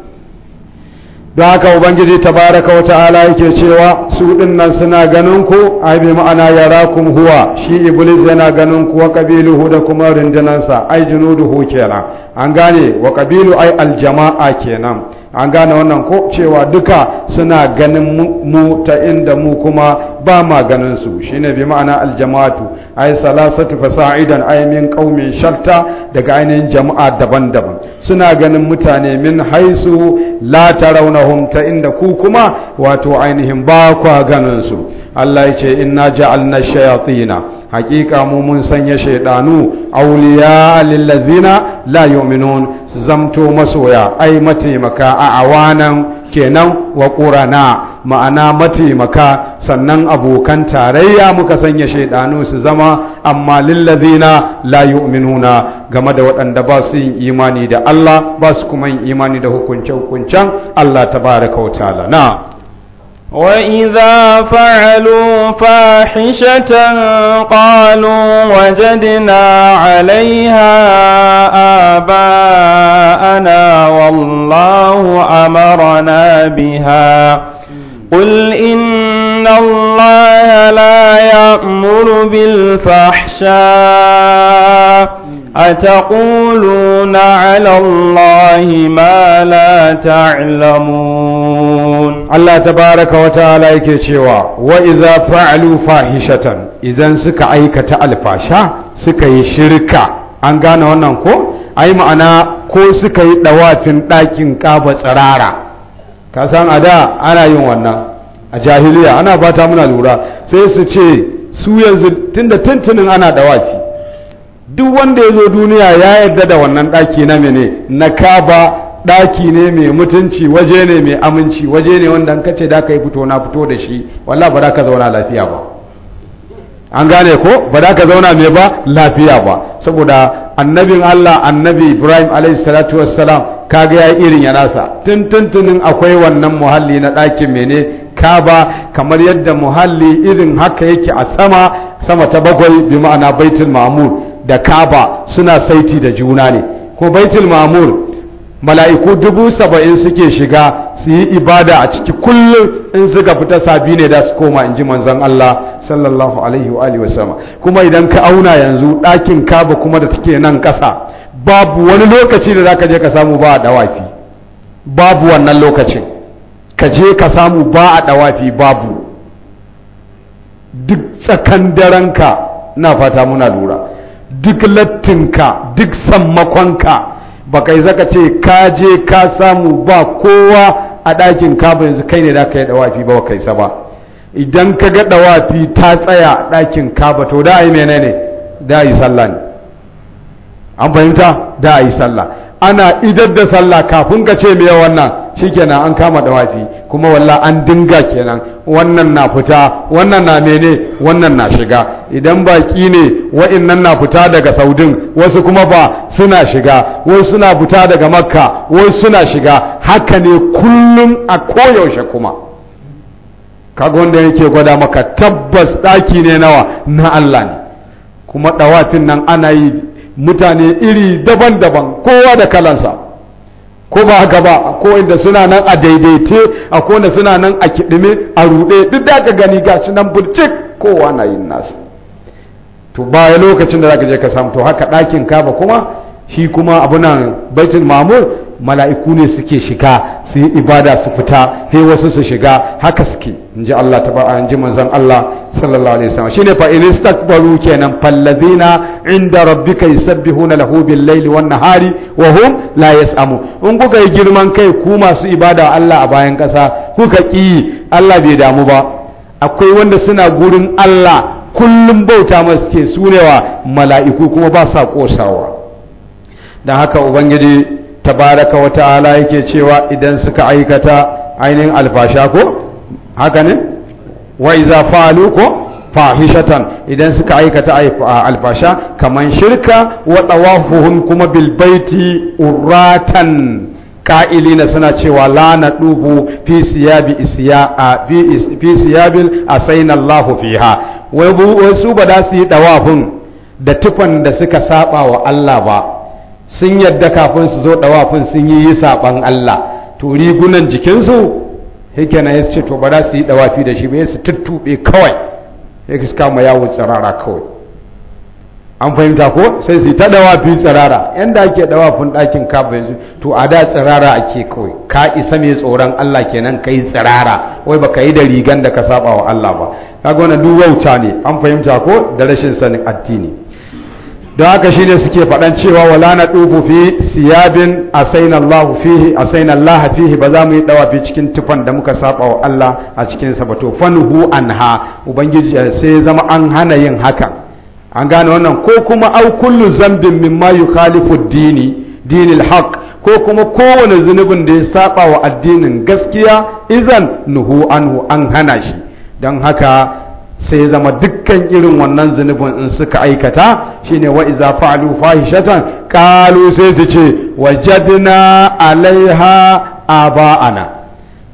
don haka ubangiji tabaraka wa ta'ala yake cewa su dinnan suna ganin ku ai bi ma'ana yarakum huwa shi iblis yana ganin ku wa qabiluhu da kuma rundunansa ai junuduhu kenan an gane wa kabilu ai aljama'a kenan an gane wannan ko cewa duka suna ganin mu ta inda mu kuma ba ma ganin su shine bi ma'ana aljama'atu ai salasatu fasa'idan ai min qaumin shatta daga ainihin jama'a daban-daban suna ganin mutane min haisu la tarawnahum ta inda ku kuma wato ainihin ba ku ganin su Allah ya ce inna ja'alna shayatina haqiqa mu mun sanya shaydanu awliya ladzina la yu'minun zamto masoya ai mataimaka a awanan kenan wa qurana ma'ana mataimaka sannan abokan tarayya muka sanya shaidanu su zama amma lillazina la yu'minuna game da waɗanda ba su yin imani da Allah ba su kuma yin imani da hukunce-hukuncen Allah tabaraka wa ta'ala na وإذا فعلوا فاحشة قالوا وجدنا عليها آباءنا والله أمرنا بها قل إن الله لا يأمر بالفحشاء أتقولون على الله ما لا تعلمون الله تبارك وتعالى يكيشوا وإذا فعلوا فاحشة إذا سك أيكة الفاشا سك يشركا أنغانا وننكو أي معنى ko suka yi ɗawafin ɗakin ƙaba tsirara ka san a da ana yin wannan a jahiliya ana fata muna lura sai su ce su yanzu tunda tuntunin ana dawaki duk wanda ya zo duniya ya yarda da wannan daki na mene na kaba daki ne mai mutunci waje ne mai aminci waje ne wanda an kace da ka yi fito na fito da shi wallah ba za ka zauna lafiya ba an gane ko ba za ka zauna mai ba lafiya ba saboda annabin Allah annabi Ibrahim alaihi salatu wassalam kaga ya irin ya nasa tuntuntunin akwai wannan muhalli na ɗakin mene kaba kamar yadda muhalli irin haka yake a sama sama ta bagwai bi ma'ana baitul mamur da kaba suna saiti da juna ne ko baitul mamur mala'iku dubu saba'in suke shiga su yi ibada a ciki kullum in suka fita sabi ne da su koma in ji manzon Allah sallallahu alaihi wa alihi kuma idan ka auna yanzu ɗakin kaba kuma da take nan ƙasa babu wani lokaci da za ka je ka samu ba a dawafi babu wannan lokacin ka je ka samu ba a dawafi babu duk tsakan daranka na fata muna lura duk lattinka duk sammakonka ba kai zaka ce ka je ka samu ba kowa a ɗakin kaba yanzu kai ne da ka yi dawafi ba kai sa ba idan ka ga dawafi ta tsaya dakin ɗakin kaba to da yi menene da yi sallah ne an fahimta da a yi sallah ana idar da sallah kafin ka ce me wannan shikenan an kama dawafi kuma walla an dinga kenan wannan na fita wannan na mene wannan na shiga idan baki ne wa'annan na fita daga saudin wasu kuma ba suna shiga wasu suna fita daga makka wasu suna shiga haka ne kullum a koyaushe kuma kaga wanda yake gwada maka tabbas ɗaki ne nawa na Allah ne kuma ɗawafin nan ana yi mutane iri daban-daban kowa da kalansa ko ba haka ba ko inda suna nan a daidaite a ko inda suna nan a kiɗime a ruɗe duk da ka gani ga shi nan burcik kowa na yin nasa to baya lokacin da zaka je ka samu to haka ɗakin kaba kuma shi kuma abu nan mamur mala'iku ne suke shiga su yi ibada su fita sai wasu su shiga haka suke in ji Allah ta ba'a in ji manzon Allah sallallahu alaihi wasallam shine fa in istakbaru kenan fallazina inda rabbika yusabbihuna lahu bil laili wan nahari wa hum la amu in kuka yi girman kai ku masu ibada Allah a bayan kasa kuka ki Allah bai damu ba akwai wanda suna gurin Allah kullum bauta masu ke sunewa mala'iku kuma ba sa kosawa don haka ubangiji tabaraka wa ala yake cewa idan suka aikata ainihin alfasha ko haka ne wa iza fa'alu ko fahishatan idan suka aikata alfasha kaman shirka wa kuma bil baiti uratan ka'ilina suna cewa la nadubu fi siyabi isya fi siyabil asaina Allah fiha wai su ba da su yi dawafin da tufan da suka saba wa Allah ba sun yadda kafin su zo ɗawafin sun yi saɓan Allah to rigunan jikinsu yake na yasu ce to ba za su yi ɗawafi da shi ba su tuttuɓe kawai ya su kama yawon tsirara kawai an fahimta ko sai su yi ta ɗawafi tsirara yanda ake ɗawafin ɗakin kafin su to a da tsirara ake kawai ka isa mai tsoron Allah kenan ka yi tsirara wai ba ka yi da rigan da ka saɓa wa Allah ba kaga wannan duk wauta ne an fahimta ko da rashin sanin addini don haka shi ne suke faɗan cewa wala na ɗufu fi siyabin Allah fihi Allah fihi ba za mu yi ɗawafi cikin tufan da muka saba wa Allah a cikin sa ba to fanhu anha ubangiji sai zama an hana yin haka an gane wannan ko kuma au kullu zambin mimma yukhalifu dini dinil haqq ko kuma kowane zunubin da ya saba wa addinin gaskiya izan nuhu anhu an hana shi don haka sai zama dukkan irin wannan zunubin in suka aikata shine wa iza fa'alu fahishatan qalu sai su ce wajadna alaiha aba'ana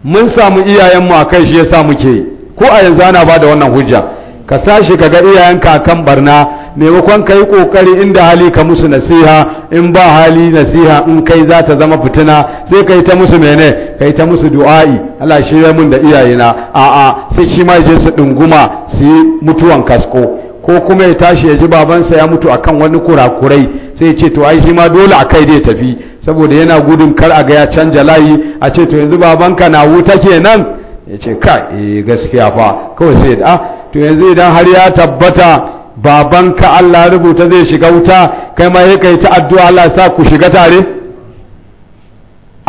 mun samu iyayenmu a kai shi yasa muke ko a yanzu ana bada wannan hujja ka sashi ka ga iyayen kan barna maimakon ka yi ƙoƙari inda hali ka musu nasiha in ba hali nasiha in kai za ta zama fitina sai ka yi ta musu mene kai ta musu du'a'i Allah shirya mun da iyayena a'a sai shi ma je su ɗunguma su yi mutuwan kasko ko kuma ya tashi ya ji babansa ya mutu akan wani kurakurai sai ya ce to ai shi ma dole a kai dai tafi saboda yana gudun kar a ga ya canja layi a ce to yanzu babanka na wuta kenan ya ce ka eh gaskiya fa kawai sai da ah, to yanzu idan har ya tabbata babanka Allah rubuta zai shiga wuta kai ma yake kai ta addu'a Allah sa ku shiga tare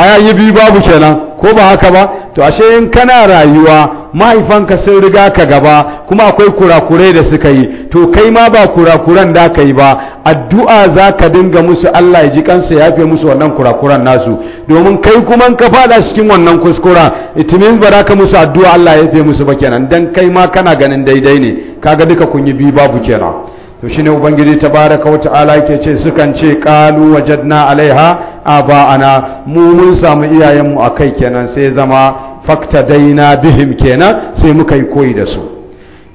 ayayi biyu babu kenan ko ba haka ba to ashe in kana rayuwa mahaifanka sun riga ka gaba kuma akwai kurakurai da suka yi to kai ma ba kurakuran da ka yi ba addu'a za ka dinga musu Allah ya ji kansa ya fi musu wannan kurakuran nasu domin kai kuma ka fada cikin wannan kuskura it means ba za ka musu addu'a Allah ya fi musu ba kenan dan kai ma kana ganin daidai ne kaga duka kun yi bi babu kenan to shine ubangiji tabaraka wa ta'ala yake ce sukan ce wajen na alaiha aba'ana mu mun samu iyayenmu a kai kenan sai zama fakta daina bihim kenan sai muka yi koyi da su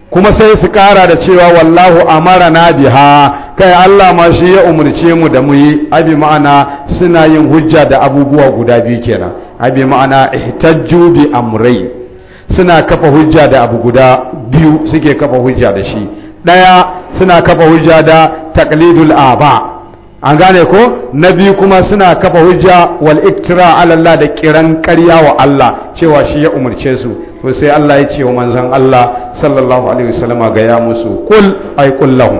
kuma sai su kara da cewa wallahu amara na biha kai Allah ma shi ya umarce mu da muyi abi ma'ana suna yin hujja da abubuwa guda biyu kenan abi ma'ana ihtajju bi amrai suna kafa hujja da abu guda biyu suke kafa hujja da shi daya suna kafa hujja da taqlidul aba an gane ko na biyu kuma suna kafa hujja wal iktira ala da kiran karya wa Allah cewa shi ya umarce su to sai Allah ya ce wa manzon Allah sallallahu alaihi wasallam ga ya musu kul ay kul lahum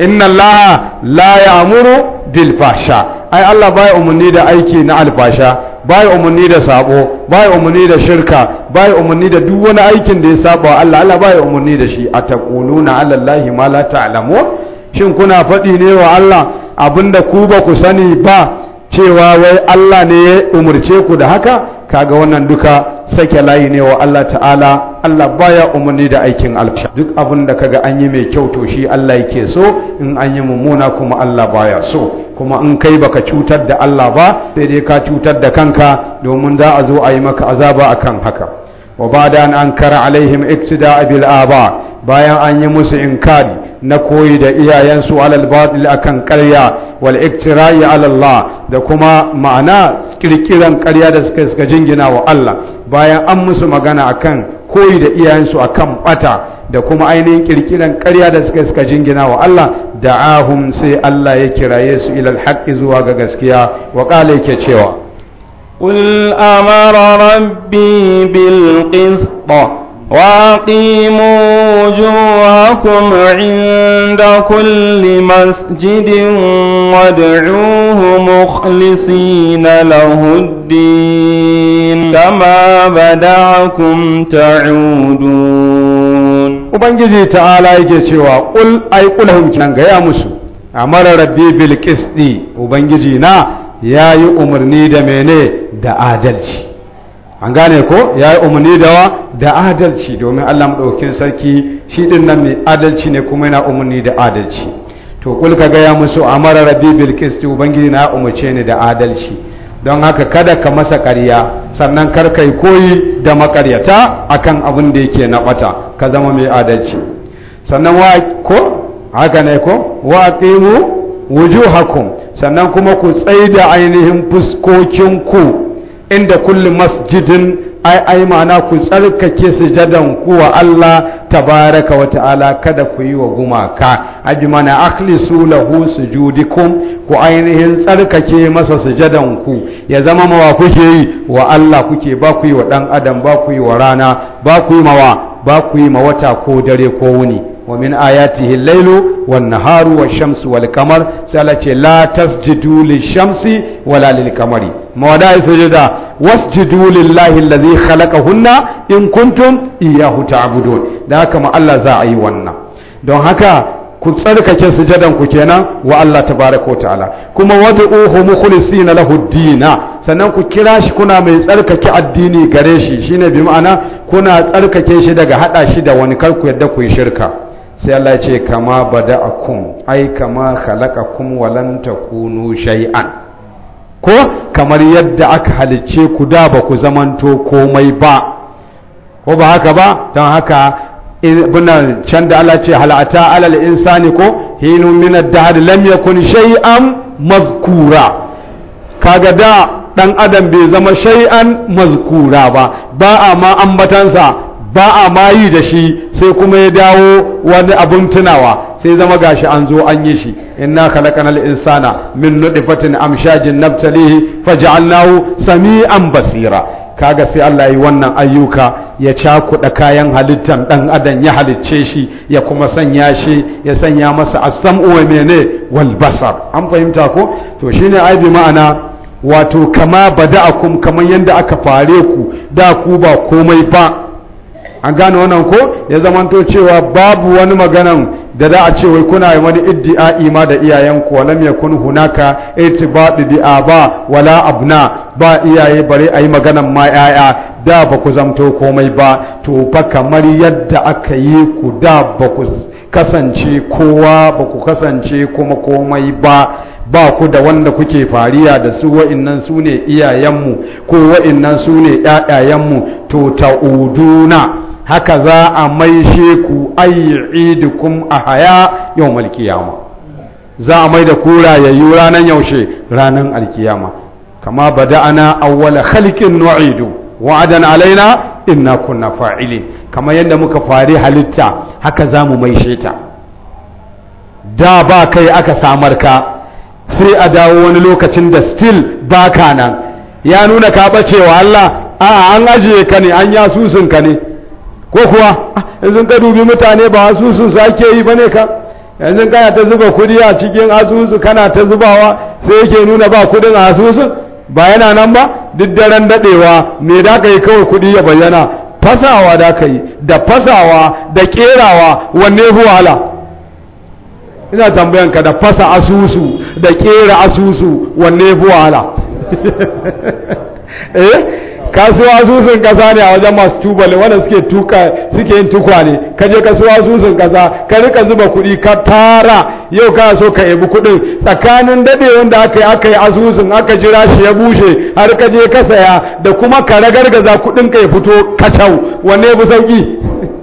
inna Allah la ya'muru bil fahsha ai Allah bai umarni da aiki na alfasha bai umarni da sabo bai umarni da shirka bai umarni da duk wani aikin da ya saba Allah Allah bai umarni da shi ataquluna ala Allah ma la ta'lamun shin kuna faɗi ne wa Allah abinda ku ba ku sani ba cewa wai Allah ne ya umurce ku da haka kaga wannan duka sake layi ne wa Allah ta'ala Allah baya umarni da aikin alfasha duk abin da kaga an yi mai kyau to shi Allah yake so in an yi mummuna kuma Allah baya so kuma in kai baka cutar da Allah ba sai dai ka cutar da kanka domin za a zo a yi maka azaba kan haka wa bada an ankara alaihim iktida bil aba bayan an yi musu inkari na koyi da iyayensu alal batil akan ƙarya wal iktira'i ala Allah da kuma ma'ana kirkiran ƙarya da suka suka jingina wa Allah bayan an musu magana akan koyi da iyayensu akan bata da kuma ainihin kirkiran ƙarya da suka suka jingina wa Allah da'ahum sai Allah ya kiraye su ilal haqqi zuwa ga gaskiya wa qala yake cewa qul amara rabbi bil وأقيموا وجوهكم عند كل مسجد وادعوه مخلصين له الدين كما بدعكم تعودون وبنجي تعالى يجسوا قل أي قلهم كان يا مسو أمر ربي بالقسط وبنجي نا يا يؤمرني دميني da adalci an gane ko ya yi umarni da adalci domin allah maɗaukin sarki shi ɗin nan mai adalci ne kuma yana umarni da adalci to kul ka gaya musu amara rabbi bil qisti ubangiji na umarce ni da adalci don haka kada ka masa ƙarya sannan kar kai koyi da makaryata akan abin da yake na ɓata ka zama mai adalci sannan wa ko haka ne ko wa wujuhakum sannan kuma ku tsaida ainihin fuskokinku inda kulli masjidin ai ai mana ku tsarkake sujadan ku wa Allah tabaraka wa ta'ala kada ku yi wa gumaka aji mana akhlisu lahu sujudikum ku ainihin tsarkake masa sujadan ku ya zama mawa kuke yi wa Allah kuke ba ku yi wa dan adam ba ku yi wa rana ba ku yi mawa ba ku yi ma wata ko dare ko wuni wa min ayatihi al-lailu wan-naharu wash-shamsu wal-qamar sai ce la tasjudu lish-shamsi wala lil-qamari mawada'i sujuda wasjudu lillahi allazi khalaqahunna in kuntum iyyahu ta'budun da haka ma Allah za a yi wannan don haka ku tsarkake sujadan ku kenan wa Allah tabaraka wa ta'ala kuma wad'uhu na lahu dina sannan ku kira shi kuna mai tsarkake addini gare shi shine bi ma'ana kuna tsarkake shi daga hada shi da wani kar ku yadda ku yi shirka sai Allah ya ce kama bada'akum ai kama khalaqakum wa lam takunu shay'an ko kamar yadda aka halicce ku da ba ku zamanto komai ba ko ba haka ba don haka bunan can da Allah ce halata alal insani ko hinu min ad-dahr lam yakun shay'an mazkura kaga da dan adam bai zama shay'an mazkura ba ba a ma ambatansa ba a ma da shi sai kuma ya dawo wani abun tunawa sai zama gashi an zo an yi shi inna al insana min nutfatin amshajin nabtalihi faj'alnahu sami'an basira kaga sai Allah yi wannan ayyuka ya cakuɗa kayan halittan ɗan adam ya halicce shi ya kuma sanya shi ya sanya masa as-sam'u mene wal basar an fahimta ko to shine ai ma'ana wato kama bada'akum kamar yadda aka fare ku da ku ba komai ba an gane wannan ko ya zamanto cewa babu wani maganan da za a ce wai kuna wani iddia ima da iyayenku walam yakun hunaka itibadi bi aba wala abna ba iyaye bare ayi maganan ma yaya da ba ku zamto komai ba to fa kamar yadda aka yi ku da ba ku kasance kowa ba ku kasance kuma komai ba ba ku da wanda kuke fariya da su wa'innan su ne iyayenmu ko wa'innan su ne ƴaƴayenmu to ta'uduna haka za a maishe ku a haya yau qiyama za a mai da ya yi ranar yaushe ranar alkiyama kama ba ana awwala khalqin nu'idu wa'adan alaina inna kunna fa'ili kama yadda muka fari halitta haka za mu maishe ta da ba kai aka samar ka sai a dawo wani lokacin da still ka nan ya nuna ka bacewa Allah a an ajiye ka ne an yasusun ka ne ko kuwa ah, yanzu ka dubi mutane ba asusun sake yi ne ka yanzu kana ta zuba kudi a cikin asusu kana ta zubawa sai yake nuna ba kudin a asusun ba yana nan ba duk daren dadewa me da ka yi kawai kudi ya bayyana fasawa da ka yi da fasawa da kerawa wanne huwala ina tambayan ka da fasa asusu da kera asusu wanne huwala eh kasuwa susun kasa ne a wajen masu tubali wanda suke tuka suke yin tukwane ka je kasuwa susun kasa ka rika zuba kuɗi ka tara yau ka so ka yabi kuɗin tsakanin dade wanda aka yi aka yi asusun aka jira shi ya bushe har ka je ka saya da kuma ka ragargaza kuɗin ka ya fito kacau wanne ya fi sauki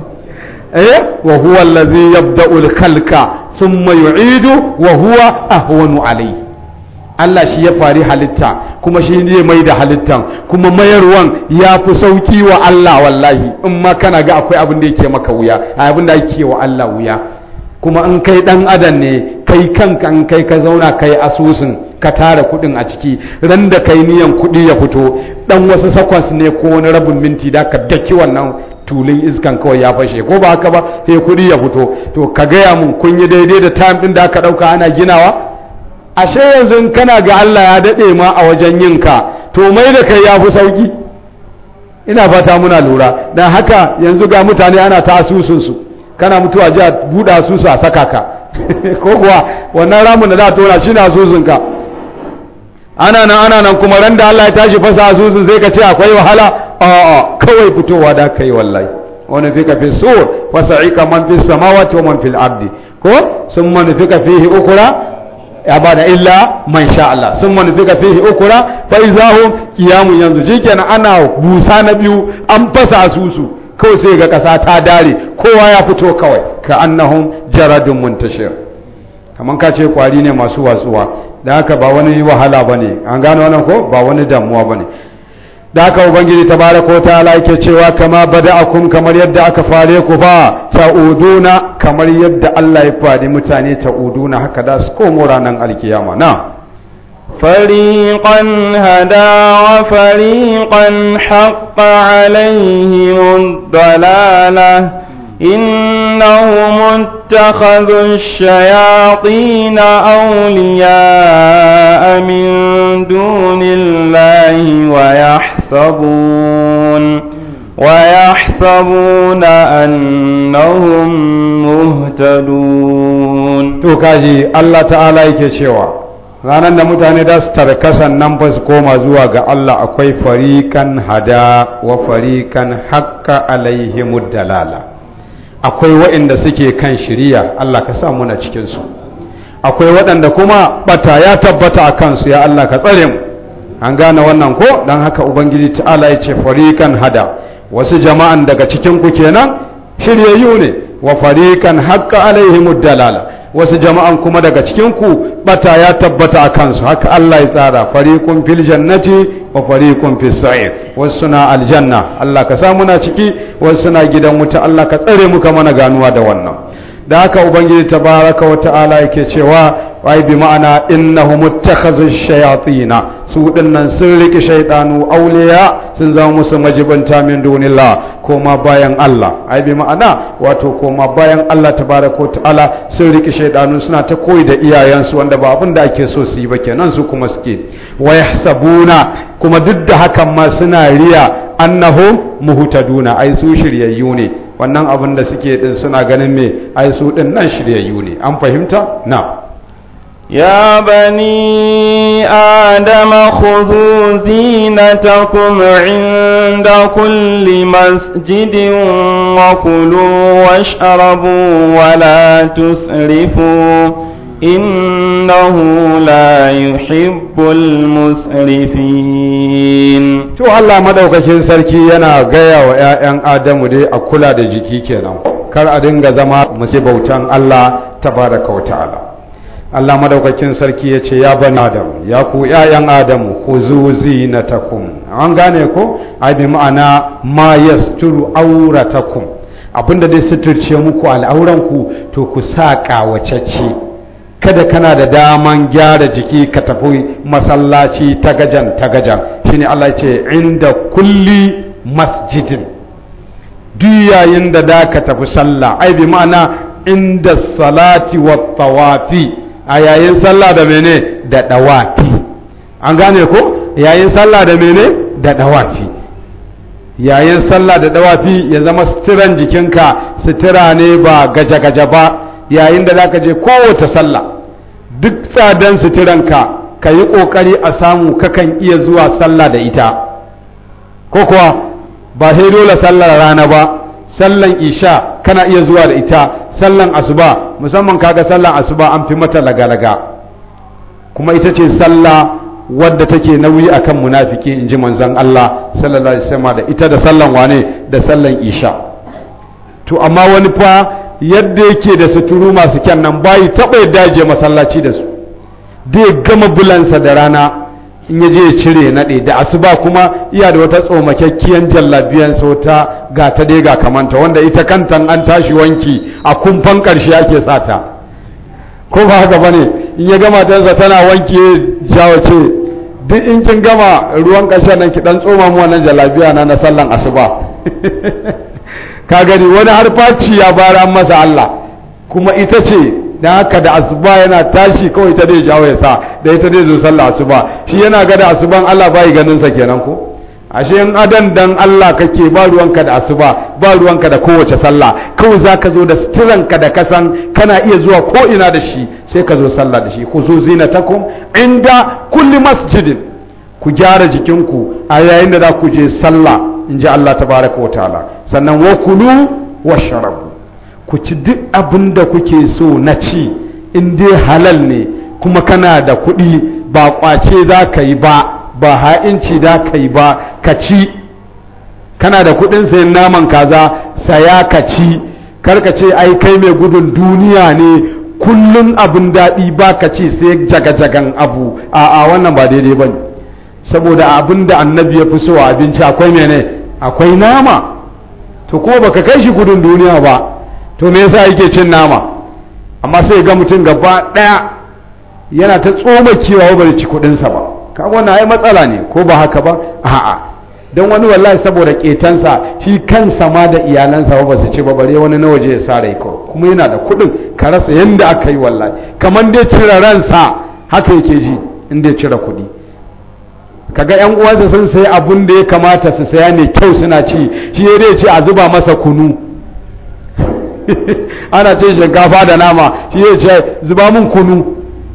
eh wa huwa allazi yabda'ul khalqa thumma yu'idu wa huwa ahwanu alayhi Allah shi ya fari halitta kuma shi ne mai da halittan kuma mayarwan ya fi sauki wa Allah wallahi in ma kana ga akwai abin da yake maka wuya abin da yake wa Allah wuya kuma in kai dan adam ne kai kanka in kai ka zauna kai asusun ka tara kudin a ciki ran da kai niyan kudi ya fito dan wasu sakwas ne ko wani rabin minti da ka daki wannan tulin iskan kawai ya fashe ko ba haka ba sai kudi ya fito to ka gaya mun kun yi daidai da time din da aka dauka ana ginawa ashe yanzu kana ga Allah ya daɗe ma a wajen yinka to mai da kai ya fi sauki ina fata muna lura don haka yanzu ga mutane ana ta asusunsu kana mutuwa ji a buɗe asusu a saka ka ko kuwa wannan ramin da za a tona shi na asusunka ana nan ana nan kuma ran da Allah ya tashi fasa asusun sai ka ce akwai wahala a'a kawai fitowa da kai wallahi wani fi ka fi sur fasa'ika man fi samawati wa man fil ardi ko sun man fi ka fihi ukura ya ba da illa man sha Allah sun wani suka fihi ukura fa izahum qiyamun yanzu shikenan ana busa na biyu an fasa susu kawai sai ga kasa ta dare kowa ya fito kawai ka annahum jaradun muntashir kaman ka ce kwari ne masu watsuwa da haka ba wani wahala bane an gano wannan ko ba wani damuwa bane da aka ubangiji tabaraka wa ta'ala yake cewa kama akun kamar yadda aka fare ku ba ta'uduna kamar yadda Allah ya fadi mutane ta'uduna haka da su komo ranar alkiyama na hada wa fariƙon حق عليهم dalala. إنهم اتخذوا الشياطين أولياء من دون الله ويحسبون ويحسبون أنهم مهتدون to kaji Allah ta'ala yake cewa ranar da mutane da su tarkasan nan ba su koma zuwa ga Allah akwai farikan hada wa farikan hakka alaihimud dalala akwai waɗanda suke kan shiriya Allah ka sa muna cikinsu akwai waɗanda kuma ɓata ya tabbata a kansu ya Allah ka tsare mu an gane wannan ko don haka ubangiji ta'ala ya ce farikan hada wasu jama'an daga cikin ku kenan shiryayyu ne wa farikan haƙƙa alaihimu dalala wasu jama'an kuma daga cikinku bata ya tabbata a kansu haka Allah ya tsara fariqun fil jannati wa fariqun fis sa'ir wasu na aljanna Allah ka samu muna ciki wasu suna gidan wuta Allah ka tsare mu ka mana ganuwa da wannan da haka ubangiji tabaraka wa ta'ala yake cewa wai bi ma'ana innahum ittakhadhu shayatina su dinnan sun riƙe shaiɗanu auliya sun zama musu majibanta min dunillah koma bayan Allah ai bi ma'ana wato koma bayan Allah tabaraka ta'ala sun riƙe shaiɗanu suna ta koyi da iyayensu wanda ba abin da ake so su yi ba kenan su kuma suke wa yahsabuna kuma duk da hakan ma suna riya annahu muhtaduna ai su shiryayyu ne wannan abin da suke din suna ganin me ai su din nan shiryayyu ne an fahimta na يا بني آدم خذوا زينتكم عند كل مسجد وكلوا واشربوا ولا تسرفوا إنه لا يحب المسرفين تو الله ما دوك شن سركي ينا غيا ويا ين آدم دي أكلا دي جيكي كنا كار أدنغ زما مسيبوتان الله تبارك وتعالى Allah madaukakin sarki ya ce ya ban adam ya ku ƴaƴan adam ku zuzi na takum an gane ko ai bi ma'ana ma yasturu auratakum abinda dai suturce muku al'auranku to ku sa ƙawacacce kada kana da daman gyara jiki ka tafi masallaci ta ta gajan shine Allah ce inda kulli masjidin duk yayin da da ka tafi sallah ai bi ma'ana inda salati wa tawafi a yayin sallah da mene da dawafi an gane ko yayin sallah da mene da dawafi yayin sallah da dawafi ya zama sitiran jikinka sitira ne ba gaje-gaje ba yayin da zaka je kowace sallah duk tsadan sitiranka ka yi ƙoƙari a samu kakan iya zuwa sallah da ita ko kuwa ba sai dole sallar rana ba sallan isha kana iya zuwa da ita sallan asuba musamman kaga sallan asuba an fi mata lagalaga kuma ita ce salla wadda take nauyi akan munafiki in ji manzon Allah sallallahu alaihi wasallam da ita da sallan wane da sallan isha to amma wani fa yadda yake da suturu masu kyan nan bai taba yadda je masallaci da su ya gama bulansa da rana in ya je ya cire naɗe da asuba kuma iya da wata tsomakakkiyan jallabiyansa wata ga ta dai ga kamanta wanda ita kantan an tashi wanki a kumfan karshe ake sata ko ba haka bane in ya gama tansa tana wanki jawo ce duk in kin gama ruwan ƙarshen nan ki dan tsoma mu wannan jalabiya na na sallan asuba ka gani wani har faci ya bara masa Allah kuma ita ce da haka da asuba yana tashi kawai ta dai jawo ya sa da ita dai zo sallah asuba shi yana ga da asuban Allah bai ganin sa kenan ko ashe in adon dan Allah kake ba ruwanka da asuba ba ruwanka da kowace sallah kawai za ka zo da sitiranka da kasan kana iya zuwa ko ina da shi sai ka zo sallah da shi ku ta zinatakum inda kulli masjidin ku gyara jikinku a yayin da za ku je sallah in ji Allah ta baraka wa ta'ala sannan wa kulu wa sharabu ku ci duk abin da kuke so na ci in dai halal ne kuma kana da kuɗi ba kwace za ka yi ba ba ha'inci da kai ba ka ci kana da kuɗin sayan naman kaza saya ka ci karka ce ai kai mai gudun duniya ne kullum abin daɗi ba ka ce sai jaga-jagan abu a wannan ba daidai ba saboda abin da annabi ya fi so a abinci akwai mene akwai nama to ko baka kai shi gudun duniya ba to me yasa yake cin nama amma sai ga mutum gaba ɗaya yana ta tsoma cewa ba da ci kuɗinsa ba kaga wannan ai matsala ne ko ba haka ba a'a don wani wallahi saboda ketansa shi kansa ma da iyalansa ba su ci ba bare wani na waje ya sare ko kuma yana da kuɗin ka rasa yadda aka yi wallahi kamar dai cire ransa haka yake ji in dai cire kuɗi kaga yan uwansa sun sayi abun da ya kamata su saya ne kyau suna ci shi ya dai ce a zuba masa kunu ana cin shinkafa da nama shi ya ce zuba min kunu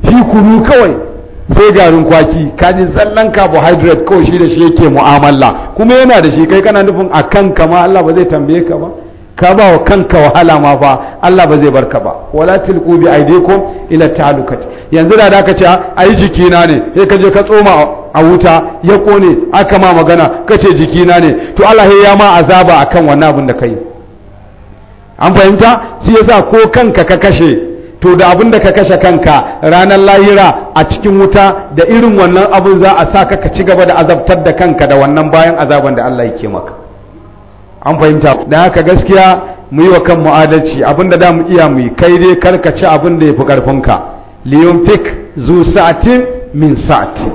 shi kunu kawai sai garin kwaki kaji tsallan carbohydrate kawai shi da shi yake mu'amala kuma yana da shi kai kana nufin a kanka ma Allah ba zai tambaye ka ba ka ba wa kanka wahala ma fa Allah ba zai bar ka ba wala tilqu bi aidikum ila talukat yanzu da ka ce ai jikina ne sai ka je ka tsoma a wuta ya kone aka ma magana ka ce jikina ne to Allah ya ma azaba akan wannan abin da kai an fahimta shi yasa ko kanka ka kashe to da abin da ka kashe kanka ranar lahira a cikin wuta da irin wannan abin za a sa ka ka ci gaba da azabtar da kanka da wannan bayan azaban da Allah yake maka an fahimta da haka gaskiya mu yi wa kan mu'adalci, abin da mu iya mu yi kai dai kar ka ci abin da ya fi karfinka liyumtik zu sa'ati min sa'ati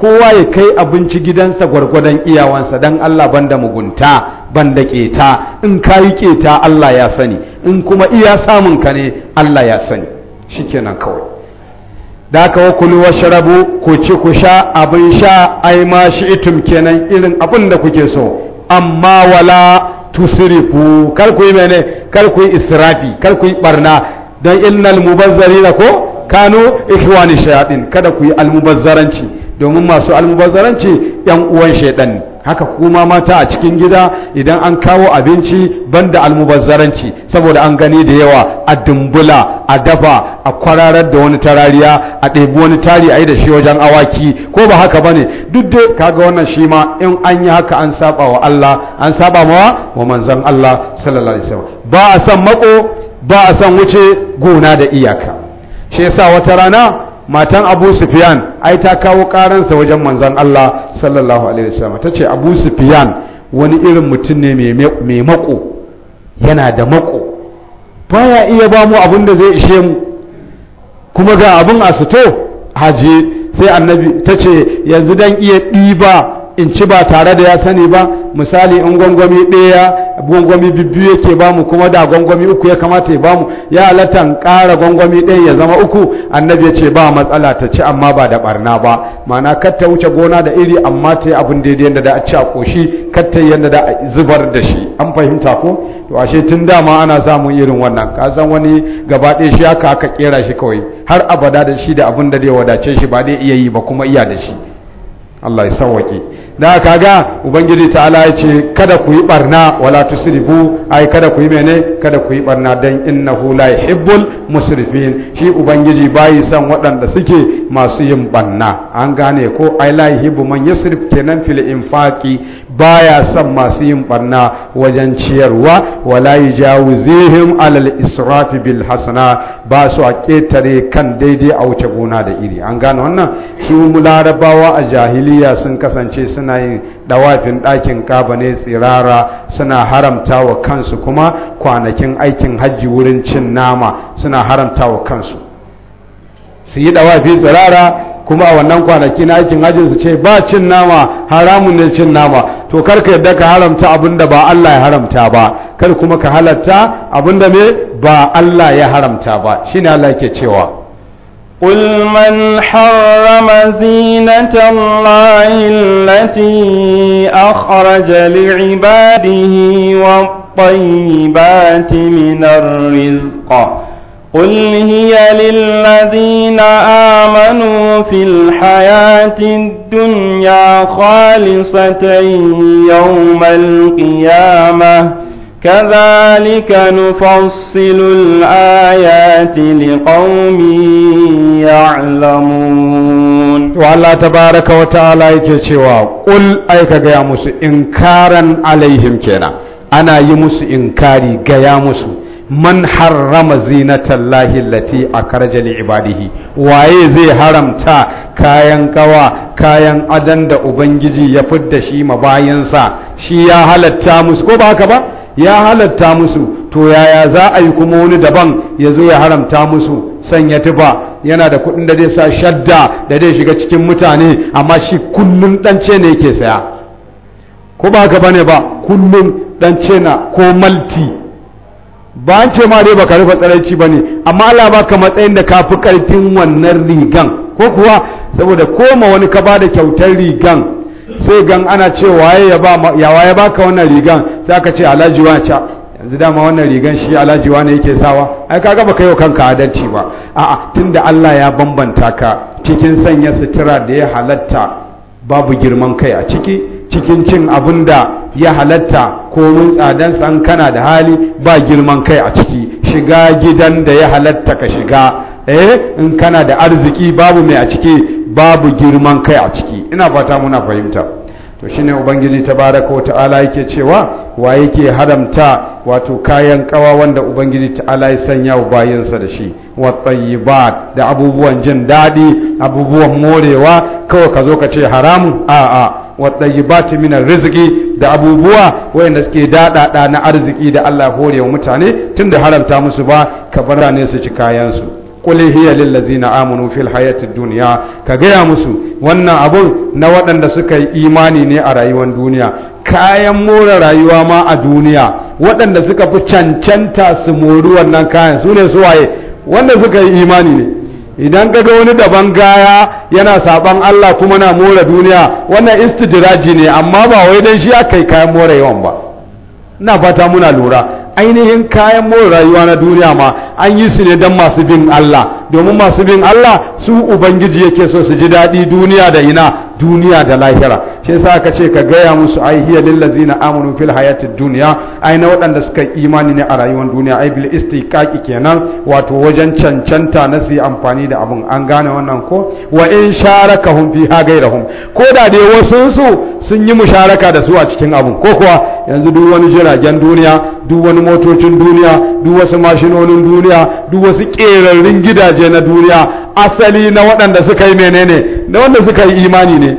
kowa ya kai abinci gidansa gwargwadon iyawansa dan Allah banda mugunta ban da keta in ka yi keta Allah ya sani in kuma iya samun ka ne Allah ya sani shikenan kawai da aka wa kulu wa sharabu ku ci ku sha abin sha ai ma shi itum kenan irin abin da kuke so amma wala tusrifu kar ku yi mene kar ku yi israfi kar ku yi barna dan innal mubazzarina ko kano ikhwani shayatin kada ku yi almubazzaranci domin masu almubazzaranci yan uwan shaydan ne haka kuma mata a cikin gida idan an kawo abinci ban banda almubazzaranci saboda an gani da yawa a dumbula a dafa a kwararar da wani tarariya a ɗebi wani tari a yi da shi wajen awaki ko ba haka ba ne duk dai kaga wannan shi ma in an yi haka an saba wa Allah an saba ma wa manzon Allah sallallahu alaihi wasallam ba a san mako ba a san wuce gona da iyaka shi yasa wata rana matan abu sufiyan ai ta kawo karansa wajen manzan Allah sallallahu alaihi wasallam ta ce abu sufiyan wani irin mutum ne mai mako yana da mako baya iya ba mu abin da zai ishe mu kuma ga abin a sito haji sai annabi ta ce yanzu dan iya ɗiba in ci ba tare da ya sani ba misali in gwangwami ɗaya gwangwami biyu yake bamu kuma da gwangwami uku ya kamata ya bamu ya latan ƙara gwangwami ɗaya ya zama uku annabi ya ce ba matsala ta ci amma ba da barna ba ma'ana kar ta wuce gona da iri amma ta yi abin daidai yadda da a ci a ƙoshi kar ta yi yadda da a zubar da shi an fahimta ko to ashe tun dama ana samun irin wannan ka san wani gaba ɗaya shi haka aka ƙera shi kawai har abada da shi da abin da zai wadace shi ba zai iya yi ba kuma iya da shi Allah ya sawwake da ga ubangiji ta'ala ya ce kada ku yi barna wala tusrifu ai kada ku yi mene kada ku yi barna dan innahu la yuhibbul musrifin shi ubangiji bayi san waɗanda suke masu yin barna an gane ko ai la yuhibbu man yasrif kenan fil infaqi baya son masu yin barna wajen ciyarwa wala yujawizihim alal israfi bil hasana ba su a ketare kan daidai a wuce gona da iri an gane wannan su larabawa a jahiliya sun kasance suna yin dawafin ɗakin kaba ne tsirara suna haramta wa kansu kuma kwanakin aikin hajji wurin cin nama suna haramta wa kansu su yi dawafi tsirara kuma a wannan kwanaki na aikin hajjin su ce ba cin nama haramun ne cin nama to kar ka yadda ka haramta abin da ba Allah ya haramta ba kar kuma ka halatta abin da me ba Allah ya haramta ba shine Allah yake cewa قل من حرم زينة الله التي أخرج لعباده والطيبات من الرزق قل هي للذين آمنوا في الحياة الدنيا خالصة يوم القيامة كذلك نفصل الآيات لقوم يعلمون والله تبارك وتعالى يكتشوا قل أيك يا موسى إنكارا عليهم كنا أنا يمس إنكاري يا موسى man harrama zinatan lahi lati akhraja li ibadihi waye zai haramta kayan kawa kayan adan da ubangiji ya fidda shi mabayansa shi ya halatta musu ko ba haka ba ya halatta musu to yaya za a yi kuma wani daban ya zo ya haramta musu sanya tufa yana da kuɗin da zai sa shadda da zai shiga cikin mutane amma shi kullum ɗance ne yake saya ko ba haka bane ba kullum ɗance na ko malti ba an ce ma dai baka rufe tsaraici ba ne amma Allah baka matsayin da ka fi ƙarfin wannan rigan ko kuwa saboda koma wani ka ba da kyautar rigan sai gan ana ce waye ya ba ya waye baka wannan rigan sai aka ce alhaji wani yanzu dama wannan rigan shi alhaji wani yake sawa ai kaga kai wa kanka adalci ba a'a tunda Allah ya bambanta ka cikin sanya sutura da ya halatta babu girman kai a ciki cikin cin abinda ya halatta komin tsadan san kana da hali ba girman kai a ciki shiga gidan da ya halatta ka shiga eh in kana da arziki babu mai a ciki babu girman kai a ciki ina fata muna fahimta to shine ubangiji tabaraka wa ta'ala yake cewa wa yake haramta wato kayan kawa wanda ubangiji ta'ala ya sanya wa bayansa da shi wa tayyibat da abubuwan jin daɗi abubuwan morewa kawai ka zo ka ce haramun a'a wa tayyibat min arziki da abubuwa wayanda suke daɗaɗa na arziki da Allah hore wa mutane tun da haramta musu ba ka bar ne su ci kayansu qul hiya lil ladzina amanu fil hayatid dunya ka gaya musu wannan abun na waɗanda suka yi imani ne a rayuwar duniya kayan more rayuwa ma a duniya waɗanda suka fi cancanta su mori wannan kayan su ne su waye wanda suka yi imani ne idan ka ga wani daban gaya yana saban Allah kuma na more duniya wannan istijiraji ne amma ba wai dan shi aka yi kayan more yawan ba ina fata muna lura ainihin kayan more rayuwa na duniya ma an yi su ne dan masu bin Allah domin masu bin Allah su ubangiji yake so su ji daɗi duniya da ina duniya da lahira shi yasa aka ce ka gaya musu ai hiya lillazina amanu fil hayatid dunya ai na waɗanda suka yi imani ne a rayuwar duniya ai bil istiqaqi kenan wato wajen cancanta na su yi amfani da abun an gane wannan ko wa in sharakahum fiha ghayrahum ko da dai wasu su sun yi musharaka da su a cikin abun ko kuwa yanzu duk wani jiragen duniya duk wani motocin duniya duk wasu mashinonin duniya duk wasu ƙerarrun gidaje na duniya asali na waɗanda suka yi menene na wanda suka yi imani ne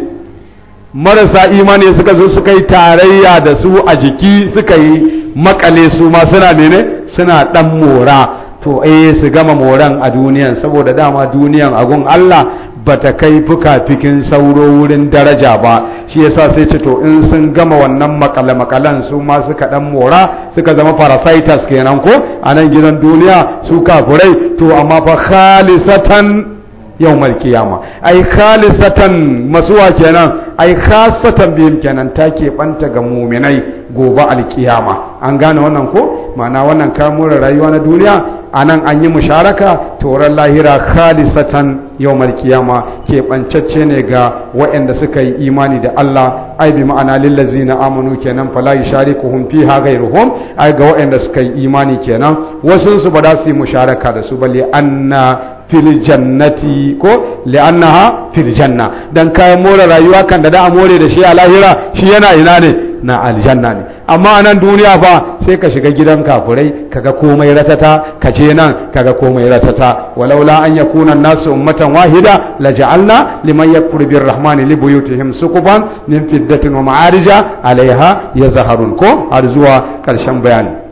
marasa imani suka zo suka yi tarayya da su a jiki suka yi makale su ma suna mene suna ɗan mora to eh su gama moran a duniyan saboda dama duniyan agun Allah bata kai fuka-fikin sauro wurin daraja ba shi yasa sai ce to in sun gama wannan makale-makalen su ma suka dan mora suka zama parasitas kenan ko a nan gidan duniya su kafurai to amma fa khalisatan yawmal qiyama ai khalisatan masuwa kenan ai khasatan bihim kenan ta ke banta ga mu'minai gobe alkiyama an gane wannan ko ma'ana wannan more rayuwa na duniya a nan an yi musharaka tauran lahira khalisatan yau malkiyama ke ɓancacce ne ga waɗanda suka yi imani da Allah ai bi ma'ana lillazina amanu kenan fala Kuhumfi, fiha ghayruhum ai ga waɗanda suka yi imani kenan wasu su ba za su yi musharaka da su ba anna fil jannati ko li'annaha fil janna dan kayan more rayuwa kan da da a more da shi a lahira shi yana ina ne na aljanna ne amma a nan duniya fa sai ka shiga gidan kafurai kaga komai ratata ka je nan kaga komai ratata walaula an yakuna nasu ummatan wahida laja'alna liman yakfur rahmani li buyutihim suqufan min fiddatin wa ma'arija alaiha yazharun ko har zuwa karshen bayani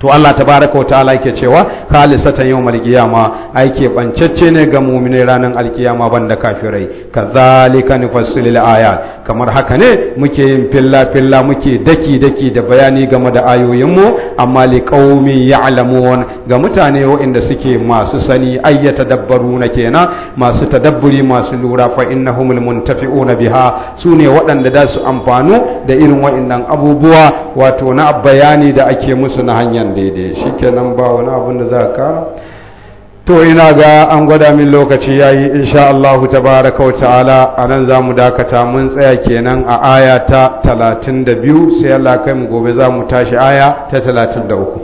to Allah tabaraka wa ta'ala yake cewa khalisatan yawmal qiyama ai ke bancacce ne ga mu'minai ranar alkiyama banda kafirai kazalika nufassilu ayat kamar haka ne muke yin filla-filla muke daki-daki da bayani game da ayoyinmu amma liƙaumi ya alamuwan ga mutane waɗanda suke masu sani ayyata dabbaru na kena masu tadabburi masu lura fa inna humul tafi na biha su ne waɗanda da su amfanu da irin waɗannan abubuwa wato na bayani da ake musu na hanyar daidai shikenan ba wani abin da za ka to ina ga an gwada min lokaci ya yi insha Allah baraka wa ta'ala za mu dakata mun tsaya kenan a aya ta 32 sai Allah kai mu gobe za mu tashi aya ta 33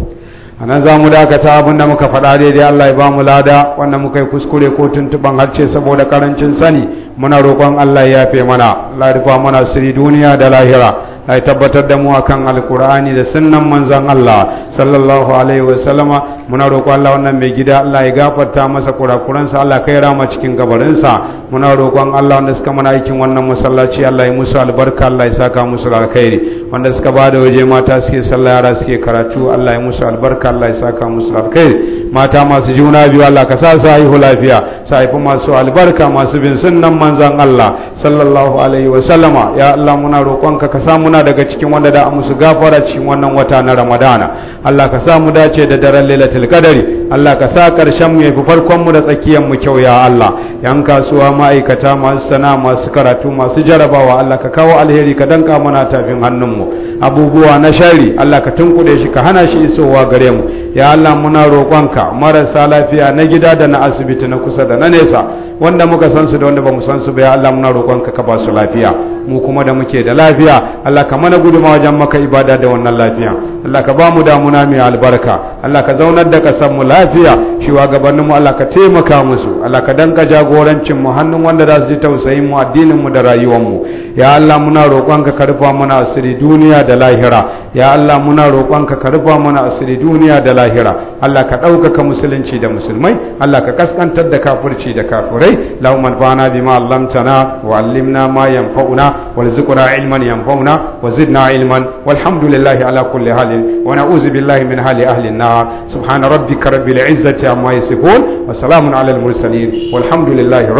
a nan za mu dakata abin da muka faɗa daidai Allah ya ba mu lada wanda muka yi kuskure ko tuntuɓan harce saboda karancin sani muna roƙon Allah ya yafe mana Allah ya rufa mana siri duniya da lahira ai tabbatar da mu akan alqur'ani da sunnan manzon Allah sallallahu alaihi wa sallama muna roƙo Allah wannan mai gida Allah ya gafarta masa sa Allah kai rama cikin gabarinsa muna roƙon Allah wanda suka mana aikin wannan masallaci Allah ya musu albarka Allah ya saka musu alkhairi wanda suka bada waje mata suke sallah yara suke karatu Allah ya musu albarka Allah ya saka musu alkhairi mata masu juna biyu Allah ka sa su haihu lafiya su haifi masu albarka masu bin sunnan manzon Allah sallallahu alaihi wa sallama ya Allah muna roƙonka ka samu muna daga cikin wanda da musu gafara cikin wannan wata na ramadana Allah ka sa mu dace da daren lailatul qadari Allah ka sa karshen mu yafi farkon mu da tsakiyar mu kyau ya Allah yan kasuwa ma'aikata masu sana masu karatu masu jarabawa Allah ka kawo alheri ka danka mana tafin hannun mu abubuwa na shari Allah ka tunkuɗe shi ka hana shi isowa gare mu ya Allah muna roƙonka marasa lafiya na gida da na asibiti na kusa da na nesa wanda muka san su da wanda ba mu san su ba ya Allah muna roƙonka ka ba su lafiya mu kuma da muke da lafiya Allah ka mana guduma wajen maka ibada da wannan lafiya Allah ka ba mu damuna mai albarka Allah ka zaunar da kasan mu lafiya shugabannin mu Allah ka taimaka musu Allah ka danka jagorancin mu hannun wanda za su ji tausayin mu addinin mu da rayuwar mu ya Allah muna roƙonka ka rufa mana asiri duniya da lahira ya Allah muna roƙonka ka rufa mana asiri duniya da lahira Allah ka ɗaukaka musulunci da musulmai Allah ka kaskantar da kafirci da kafirai lahumma fa'ana bima allamtana wa allimna ma yanfa'una والزقنا علما ينفعنا وزدنا علما والحمد لله على كل حال ونعوذ بالله من حال أهل النار سبحان ربك رب العزة عما يصفون وسلام على المرسلين والحمد لله رب